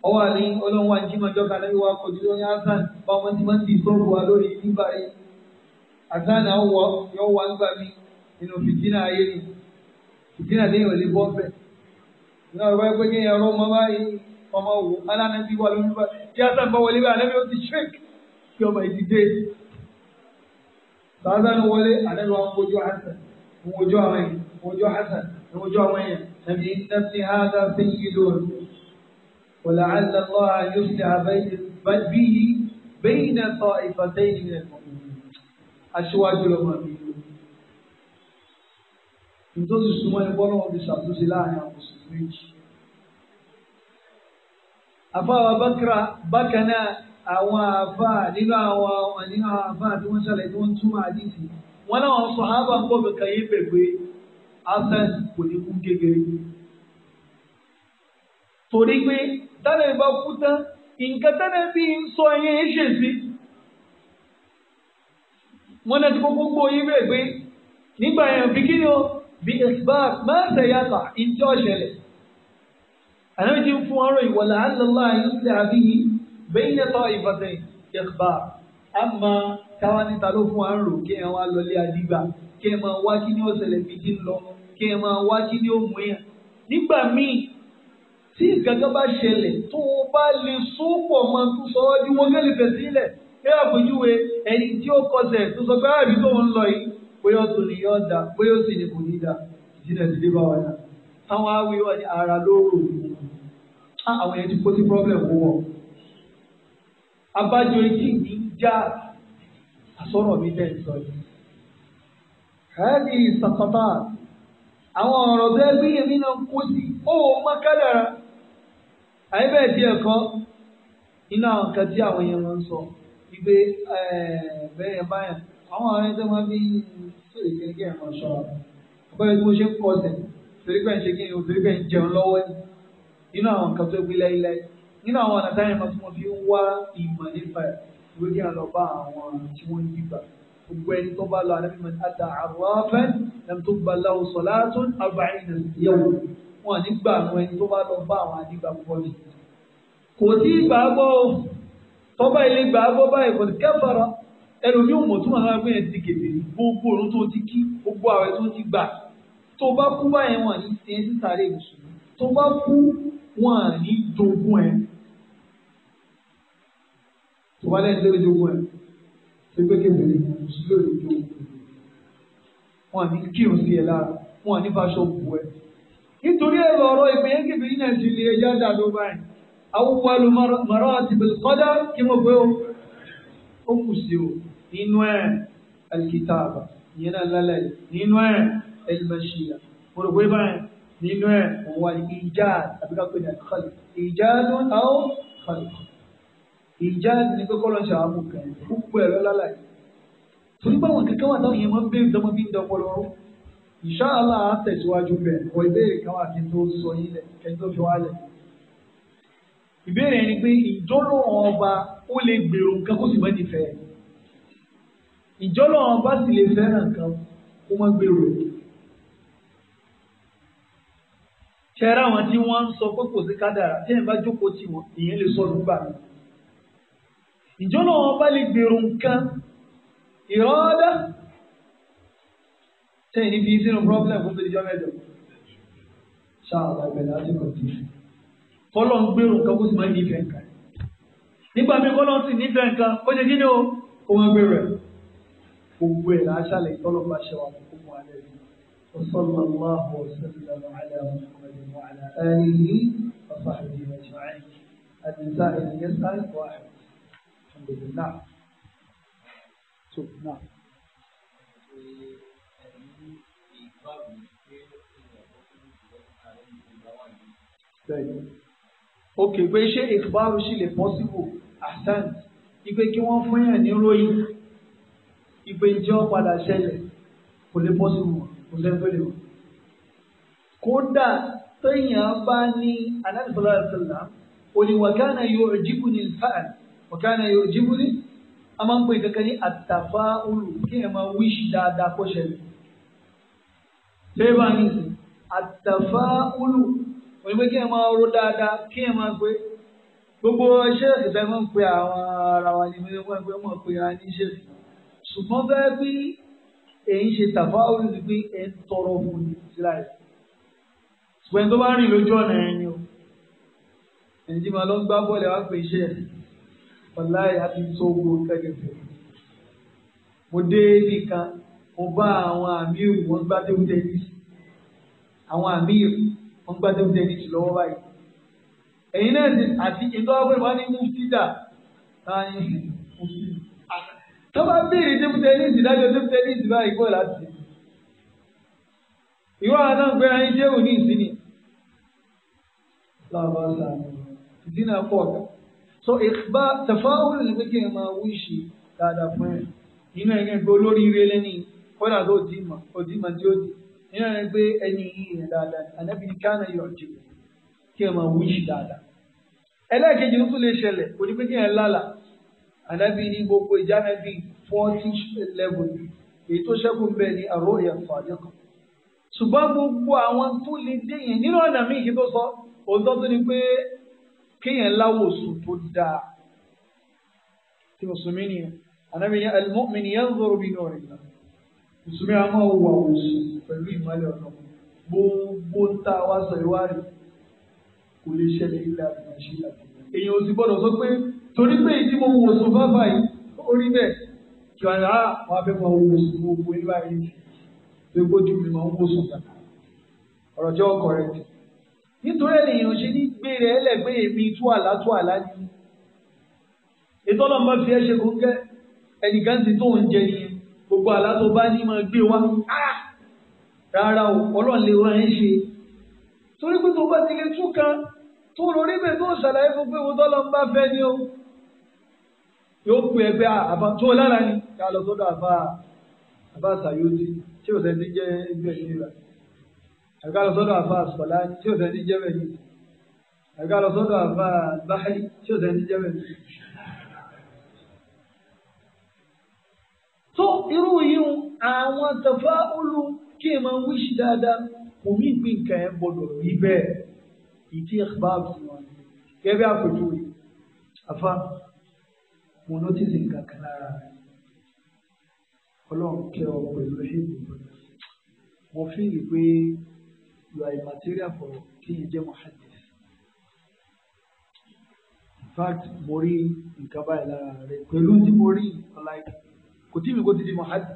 ọwọ́ àlẹ́ ọlọ́run wa ń jí mọ́jọ́ kalẹ́ ìwà kọjú lórí hasan báwọn ti máa ń dìsọ́ọ̀bù wa lórí nígbà yìí hasan àwọ̀ yọ wà nígbà mi nínú fìtínà ayé ni fìtínà lẹ́yìn òlé bọ́ bẹ́ẹ̀ ní ọ̀rọ̀ ẹgbẹ́ kí ẹ̀rọ ọmọ báyìí ọmọ wò alánàbí wà lórí bá tí hasan bá wọlé bá alẹ́ mi ó ti ṣèk kí ọmọ yìí ti dé hasan wọlé alẹ́ mi wà ń wojú hasan ń wojú àwọn yẹn ń wojú àwọn yẹn nàbí nàbí hasan ولعل الله أن بين به بين طائفتين من المؤمنين aṣíwájú lọ́mọ mi nítorí súnmọ́ ẹgbọ́ náà ti ṣàtúnṣe láàrin àwọn oṣù méjì. àfáà bákàrà bákan náà àwọn àfáà nínú àwọn àwọn nínú àwọn àfáà tí wọ́n ṣàlàyé tí wọ́n túmọ̀ àdìsí wọn náà sọ ábà ń bọ̀ kankan yé pèpè asan kò ní kú kékeré tálẹ̀ ìbá kú tán nǹkan tẹ́lẹ̀ bí ń sọ yẹn ń ṣe sí. wọ́n náà ti kókó gbó yín bẹ́ẹ̀ pé nígbà yẹn bí kí ni o bí isbat máa tẹ̀yàtà ìjọ ṣẹlẹ̀. àná ti ń fún ọ̀rọ̀ ìwọlà àlọ́lá ayọ́sẹ̀ àbíyí bẹ́yìn ẹ̀tọ́ ìfọ̀tẹ̀ isbat àmọ́ káwá níta ló fún àrùn kí ẹ wá lọlé àdìgbà kí ẹ máa wá kí ni ó ṣẹlẹ̀ fi ti ń kí ẹ máa wá kí ni ó mú yàn nígbà míì tí ìgangan bá ṣẹlẹ̀ tó o bá lè sópọ̀ mọ́ tó sọ ọ́ di wọ́n gẹ́lẹ́ fẹ̀ sílẹ̀ ẹ àpèjúwe ẹni tí ó kọsẹ̀ tó sọ pé àbí ah, tó ń lọ yìí bóyá ó tún yọ da bóyá ó sì ní kò ní da ìdílé ìdílé bá wà náà táwọn awé wà ní ara lóru ah, àwọn yẹn ti sí problem fún wọn abájọ etí mi já àsọ̀rọ̀ mi tẹ̀ sọ yìí káàdì ìsàkọ́tà àwọn ọ̀rọ̀ bẹ́ẹ̀ gbé yẹmí náà kó sí ó mọ kádàrá àyè bẹ́ẹ̀ bí ẹ̀kọ́ nínú àwọn nǹkan tí àwọn èèyàn máa ń sọ wípé bẹ́ẹ̀ báyà àwọn ọ̀rẹ́ tó máa fi tó lè kékeré ẹ̀ máa ṣọ́ra ọ̀pẹ́ tí mo ṣe ń kọsẹ̀ torí pé ń ṣe kí ni obìnrin pé ń jẹun lọ́wọ́ ni nínú àwọn nǹkan tó gbé láíláí nínú àwọn ọ̀nà táyà máa tí mo fi ń wá ìmọ̀ nípa ìwé kí n lọ bá àwọn tí wọ́n yí gbà gbogbo ẹni tó bá lọ àdàbí mọ̀ àtà àrùn afẹ́ ẹni tó gbà láwùsọ̀ látún àbáyé wọn nígbà àwọn ẹni tó bá lọ bá àwọn adigbàgbọ́ ni kò tí ì gbàgbọ́ o tọ́ba ilé gbàgbọ́ báyìí kò sí kẹfàrà ẹlòmí ò mọ̀ tó máa ń bẹ̀rẹ̀ ti kèbè ní gbogbo òun tó ti kí gbogbo ààrẹ tó ti gbà tó bá kú báyẹn wọn ní tiẹ̀ sí sáré mùsùlùmí tó bá kú wọn ní jogún ẹ tó bá lẹ́yìn lórí jogún ẹ tó gbé kèbè ní mùsùlùmí lórí jogún wọn ní kírun sí ẹ lára wọn ní fàṣọ bù ẹ nítorí ẹ̀rọ ọ̀rọ̀ ìpínyẹ́ kìbìrì náà ti lè ẹja dà ló báyìí awúwálù mọ̀rọ̀ àti bẹ̀lùkọ́dá kí mo pé ó kù sí o nínú ẹ̀ alikitaaba ìyẹn náà lálẹ́ nínú ẹ̀ ẹlẹ́mẹ̀ṣíyà mo rò pé báyìí nínú ẹ̀ òun wà ní ìjà àbíká pé ní àkàlù ìjà ló ń ta ó kàlù ìjà ní kókó lọ́sẹ̀ àwọn amúkẹ́ ẹ̀rọ lálẹ́ torí báwọn kẹ̀kẹ́ wà táwọn yẹn máa ń bẹ́ẹ̀ inshallah tẹ̀síwájú bẹ̀ wọ ìbéèrè kan wà kí n tó sọ yín lẹ̀ kí n tó fi wálẹ̀. ìbéèrè ni pé ìjọ́lọ́ ọba ó lè gbèrò nǹkan kó sì má ti fẹ́ ìjọ́lọ́ ọba sì lè fẹ́ràn nǹkan kó má gbèrò rẹ̀. ṣẹ́ra àwọn tí wọ́n ń sọ pé kò sí kádàrà tí ẹ̀ bá jókòó tì wọ́n ìyẹn lè sọ nígbà mi. ìjọ́lọ́ ọba lè gbèrò nǹkan ìrọ́dá sẹ́yìn níbi sínú problem fún tòjọ́ mẹ́jọ. ṣáàlà ìbẹ̀rẹ̀ láti kọ̀ sí. kọ́lọ̀ ń gbèrò nǹkan kó sì máa ń nífẹ̀ẹ́ nǹkan. nígbà míì kọ́lọ̀ sì nífẹ̀ẹ́ nǹkan ó ṣe kí ni o ó máa gbèrò ẹ̀. gbogbo ẹ̀ láṣàlẹ̀ ìtọ́lọ́ bá ṣe wà fún wa lẹ́yìn. وصلى الله وسلم على محمد وعلى آله وصحبه أجمعين. الإنسان يسأل واحد. الحمد لله. شوف نعم. bẹ́ẹ̀ni ok pé ṣé ìkbárù sì lè pọ́sibù ahsan ipe kí wọ́n fún yàn ní ròyìn ipe jẹ́ ọ̀padà ṣẹlẹ̀ kò lè pọ́sibù kò lẹ́fẹ̀lẹ̀ o kódà téèyàn bá ní aláìsọ̀rọ̀ àṣẹlá oníwàkánà yóò jíbu ní fáàlì wàkánà yóò jíbu ní a máa ń pè kankan ní àtàfáàlù kí ẹ máa wíṣì dáadáa kó ṣẹlẹ̀ sẹ́yìn bá ní àtàfà olù wọ́n ní pé kí ẹ máa ro dáadáa kí ẹ máa pé gbogbo ṣé ìfẹ́ máa ń pe àwọn ara wa ní mímú ẹgbẹ́ mọ̀ pé a ní ṣe sí ṣùgbọ́n bẹ́ẹ̀ bí èyí ṣe tàfà olù ni pé ẹ ń tọrọ fún mi síra ẹ̀ ṣùgbọ́n ẹni tó bá rìn lójú ọ̀nà ẹni o ẹni tí màá lọ ń gbá bọ́ọ̀lù wá pè iṣẹ́ ọ̀la ẹ̀ àti tó gbó kẹ́kẹ́ fún mi mo dé ibì kan mo bá àwọn àmì ìrù wọn gbá tébùtẹ ní àwọn àmì ìrù wọn gbá tébùtẹ ní jù lọ́wọ́ báyìí ẹ̀yin náà ti àti ètò àgbẹ̀rẹ̀ wọn ní mufida táyé mufida tó bá béèrè tébùtẹ ní ìdájọ́ tébùtẹ ní ìdìbò àìkú ẹ̀ láti ìwọ àná gbé ayé jẹ́wò ní ìsinmi lọ́wọ́ sàmì ìdínà pọ̀ so ìgbà tẹ̀fọ́ òun lè gbé kí ẹ máa wíṣì dáadáa fún ẹ nínú ẹ̀yìn ẹgbẹ́ olóríire lẹ́ni kódà ló dì mọ̀ ó dì mọ̀ tí ó dì nínú ẹni pé ẹni yìí yẹn dáadáa ànábì ní kánà yọ̀ jù kí ẹ máa wíṣì dáadáa. ẹlẹ́ẹ̀kejì tó tún lè ṣẹlẹ̀ kò ní pé kí ẹ lálà ànábì ní gbogbo ìjánabi forty level èyí tó ṣẹ́kù bẹ́ẹ̀ ni àrò ìyàtọ̀ àdékù. ṣùgbọ́n gbogbo àwọn tó lè dé yẹn nínú ọ̀nà míì kí tó sọ òótọ́ tó ni pé kéèyàn láwòsùn tó dáa tí mùsùlùmí nìyẹn ànábì ní al-mu'min yanzuru bi nuri Allah mùsùlùmí a máa wà òsì pẹ̀lú ìmọ̀lẹ̀ ọ̀nà gbogbo tá a wá sọ ìwádìí kò lè ṣẹlẹ̀ ilé àtìmọ̀ṣe àtìmọ̀ èèyàn ò sì gbọ́dọ̀ sọ pé torí pé ìdí mo wò sùn fáfá yìí ó rí bẹ́ẹ̀ kí wọ́n á wọ́n ah, á fẹ́ mọ wò sùn gbogbo yín báyìí pé gbójú mi máa ń wò sùn ọ̀rọ̀ jẹ́ ọkọ̀ rẹ̀ tì nítorí ènìyàn ṣe ní gbére ẹlẹ́gbẹ́ èmi tú àlá tú àlá ni ètò ọlọ́mọ fi ẹ́ ṣe kó ń jẹ iye gbogbo ala tó bá ní máa gbé wá ah! rárá o ọlọ́run lè wá ẹ̀ ṣe torí pé tó bá ti lè tún kan tó lórí bẹ̀ tó ṣàlàyé fún pé wọ́n lọ bá fẹ́ ni o yóò pe ẹgbẹ́ àbá tó lára ni ká lọ sọ́dọ̀ àbá àbá sàyóòtì tí ò sẹ́ni jẹ́ ẹgbẹ́ yìí rà ẹ̀ka sọ́dọ̀ àbá sọ̀lá tí ò sẹ́ni jẹ́ bẹ̀ yìí ẹ̀ka sọ́dọ̀ àbá báyìí tí ò sẹ́ni jẹ́ bẹ̀ yìí. tó irú yìí àwọn tẹ̀fá olú kí ẹ máa wíṣì dáadáa omi ìpín nǹkan ẹ̀ gbọdọ̀ rí bẹ́ẹ̀ ìdí ẹ̀fọ́ àbùsùn wọn gẹ́gẹ́ bí àpèjúwe àfa mo nọ́tìsì nǹkan kan lára rẹ̀ ọlọ́run kẹ́ ọ pẹ̀lú ṣéèdì ìbọ̀dà mo fi rí pé you are a material for kí n jẹ́ in fact mo rí nǹkan báyìí lára rẹ̀ pẹ̀lú tí mo rí ọ̀la kò tí mi kò ti di mọ̀hádì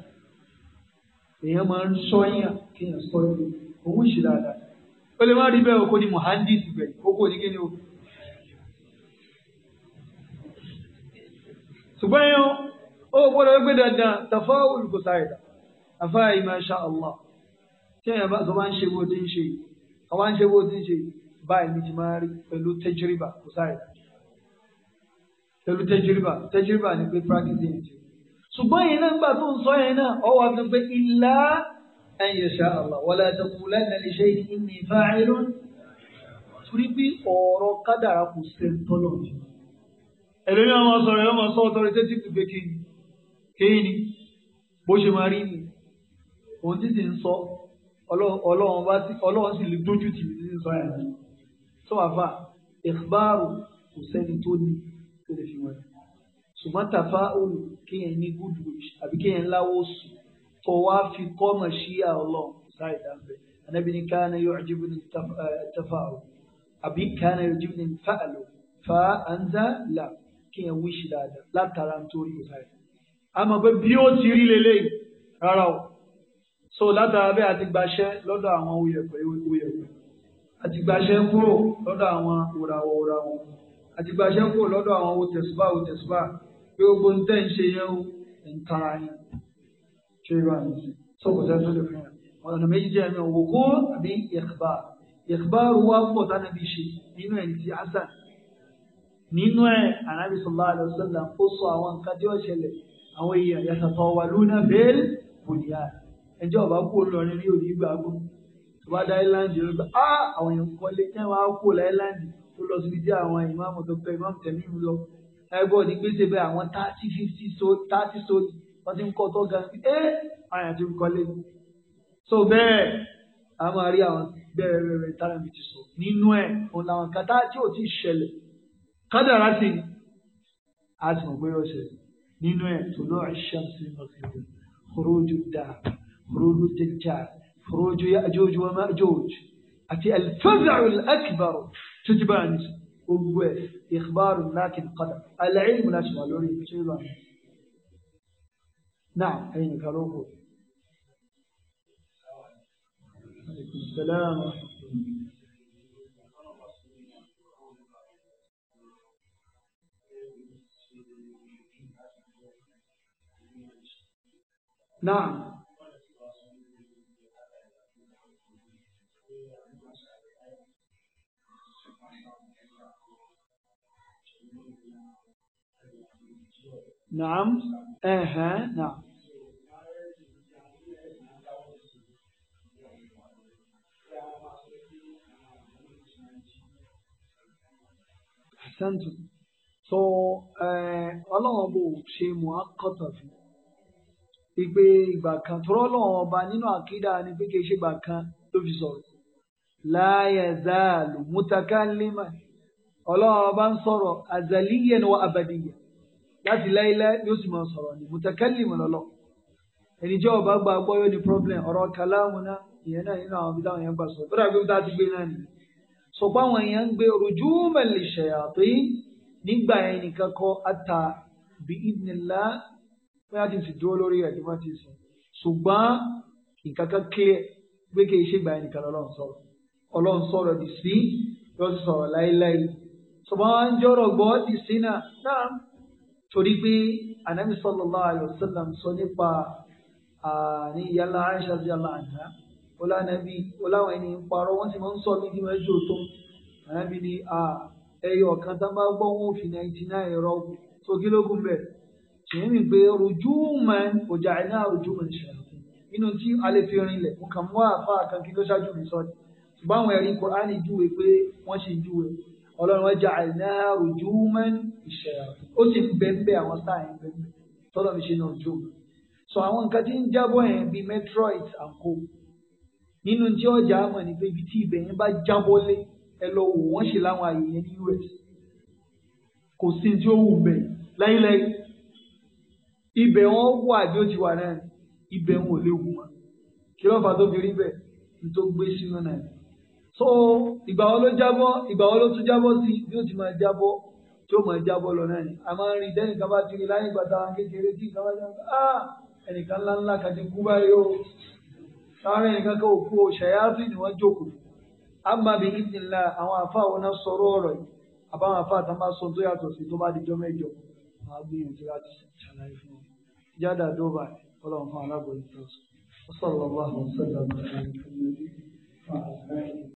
èèyàn máa ń sọ yàn kí èèyàn sọ yàn òun ṣe dáadáa ó lè má rí bẹ́ẹ̀ o kò di mọ̀hádì síbẹ̀ o kò ní kíni o. ṣùgbọ́n yẹn o gbọ́dọ̀ gbé dandan tàfà olùkọ́sá ẹ̀dá àfà yìí masha Allah tí èèyàn bá tó bá ń ṣe bó ti ń ṣe àwọn ń ṣe bó ti ń ṣe báyìí ní ti máa rí pẹ̀lú tẹ́jìrìbà kọ́sá ẹ̀dá pẹ̀lú tẹ́jìrìbà tẹ́jìrìbà ni pé practice yẹn ti ṣùgbọ́n yìí náà gbà tó ń sọ yẹn náà ọwọ́ àfi pé ilá ẹ̀yìn ṣá àlá wọlé àtẹkùn lẹ́nu lè ṣe ìní fáìlú torí bí ọ̀rọ̀ kádàrà kò ṣe tọ́lọ̀ jù. ẹlẹ́ni àwọn sọ̀rọ̀ yóò máa sọ ọ̀tọ́rẹ́tẹ́tì tó gbé kéyìn kéyìn ni bó ṣe máa rí ni òun ti sì ń sọ ọlọ́run sì lè dójú tì ní sísọ yẹn sọ àfà ìfbáàrò kò sẹ́ni tó ní tó lè fi wọn ṣùgbọ́n tàfà òòlù kéèyàn ní good wish àbí kéèyàn láwọ́ sùn kọ́ wá fi kọ́ mọ̀ sí àlọ́ láì dáńbẹ́ anábì ní káàna yóò àjẹbù ní tàfà òòlù àbí káàna yóò àjẹbù ní fàálù fa anza là kéèyàn wíṣì dáadáa látara nítorí ìbáyìí. àmọ́ pé bí ó ti rí lélẹ́yìn rárá o so látara bẹ́ẹ̀ àti gbaṣẹ́ lọ́dọ̀ àwọn oyèpẹ̀ àti gbaṣẹ́ kúrò lọ́dọ̀ àwọn òràwọ̀ òràwọ̀ àti gbaṣẹ́ kúrò lọ́dọ̀ àwọn òtẹ̀sùbà òtẹ̀sùbà pé gbogbo ń tẹ̀ ń ṣe yẹn o ń tara yẹn ṣé ibà ń sìn tó kò sẹ́ni tó lè fún yẹn ọ̀nà méjì jẹ́ ẹ̀mí òwòkó àbí ìkbà ìkbà ruwa pọ̀ tá nàbí ṣe nínú ẹ̀ ti hasan nínú ẹ̀ anabi sallallahu alayhi wa sallam ó sọ àwọn nǹkan tí ó ṣẹlẹ̀ àwọn èèyàn yàtọ̀ wà lónà bẹ́ẹ̀ bòdìyà ẹjọ́ ọba kú lọrin ní òní gbàgbọ́ tó bá dá island yóò gbà á àwọn èèyàn kọ́lé kẹ́wàá kú láìláńdì tó lọ síbi tí àwọn ìmáàmù tó pẹ́ ìmáàmù tẹ̀mí lọ ẹgbẹ́ òní gbèsè bẹ́ẹ̀ àwọn thirty fifty so thirty so wọ́n ti ń kọ́ tó ga ẹ́ àwọn àti ń kọ́lé ni. so bẹ́ẹ̀ a máa rí àwọn bẹ́ẹ̀ rẹ̀ tára mi ti sọ nínú ẹ̀ òun làwọn kan tá tí ò ti ṣẹlẹ̀ kádàrá sí i a sì mọ̀ pé yóò ṣẹlẹ̀ nínú ẹ̀ tó lọ́ọ́ ṣàǹsì mọ̀kìtì kúrójú dáa kúrójú tẹ̀jà kúrójú yá àjòjú wọn má àjòjú àti alifazarul akbar tó ti bá a nìyí. وقوة إخبار لكن قدر العلم لا شو قالوا لي نعم حين كروه السلام نعم نعم اها نعم ahsantum so e, ọlọ́run bò ṣe muakọ́tọ̀ fún ìgbé ìgbà kan tó rọ́lọ́run ọba nínú àkídà ni pé kì í ṣe ìgbà kan ló fi sọ̀rọ̀ la yazalu mutakalliman ọlọ́run ọba ń sọ̀rọ̀ azaliyan wa abadiyan láti láíláí ni ó sì máa sọ̀rọ̀ ní mutakallimu lọ́lọ́ ẹni jẹ́ ọba gba agbọ́yọ́ ní problem ọ̀rọ̀ kàlámù náà ìyẹn náà nínú àwọn ibi táwọn yẹn gbà sọ̀rọ̀ tó dàbí tá a ti gbé náà nìyẹn sọ pé àwọn èèyàn ń gbé rujuman li shayatin nígbà yẹn nìkan kọ́ ata bí idinilá bóyá kí n sì dúró lórí ẹ̀ tí wọ́n ti sìn ṣùgbọ́n nǹkan kan clear pé kì í ṣe gbà yẹn nìkan lọ́lọ́run sọ̀rọ̀ ọlọ́run sọ̀rọ̀ dì sí yọ sọ̀rọ̀ láíláí ṣùgbọ́n wọ́n ń jọ̀rọ̀ gbọ́ dì sí náà náà torí pé anabi sallallahu alayhi wa sallam sọ nípa ní yàrá aisha bíi aláǹdá ọlànàbí ọlàwọn ẹni ń parọ́ wọn sì máa ń sọ mí bí wọn jò tó anabi ni ẹyọ kan tá a bá gbọ́ wọn fi ninety nine rọ sókèlógún bẹ́ẹ̀ tìyẹn mi pé rojú mẹ́n ọjà iná rojú mẹ́n ṣẹlẹ̀ inú tí a fi rinlẹ̀ mo kàn mú àfa kan kí ṣáájú mi sọ ni ṣùgbọ́n àwọn ẹ̀rí Kùránì júwe pé wọ́n ṣe júwe ọlọ́run wájà àìnáà ojú mẹ́rin ìṣẹ̀yà ó sì ń bẹ́ẹ̀ àwọn sáà ń bẹ́ẹ̀ tọ́lọ́ mi ṣe náà jù. sọ àwọn nǹkan tí ń jábọ̀ yẹn bíi metroid and co nínú tí ọjà àmọ̀ ni pé ibi tí ibẹ̀ yẹn bá jábọ̀ ẹ lọ wò wọ́n ṣe láwọn àyè yẹn ní US kò sí tí ó wù bẹ́ẹ̀ láyínláyé ibẹ̀ wọn wà bí ó ti wà náà ibẹ̀ wọn ò léwu mọ́ kí ló tó fi rí bẹ́ẹ̀ ní tó gbé sínú náà so ìgbà wo ló jábọ́ ìgbà wo ló tún jábọ́ sí bí ó ti máa jábọ́ tí ó máa jábọ́ lọ náà ni a máa ń rí dẹ́nìkan bá ti rí láyé gbàtà kékeré tí nǹkan bá jábọ́ ah ẹnìkan ńláńlá kan ti kú báyìí o sáré nìkan kan ò o ṣàyàtì ni wọ́n jókòó àmà bí ìdìlá àwọn àfáà wọn náà sọ̀rọ̀ ọ̀rọ̀ yìí àbáwọn àfáà tán bá sọ tó yàtọ̀ sí tó bá di jọ mẹ́jọ máa gbìyànjú láti ṣàlàyé fún wọn jáde àdóbà ọlọ́run fún alábòyìn tó sọ.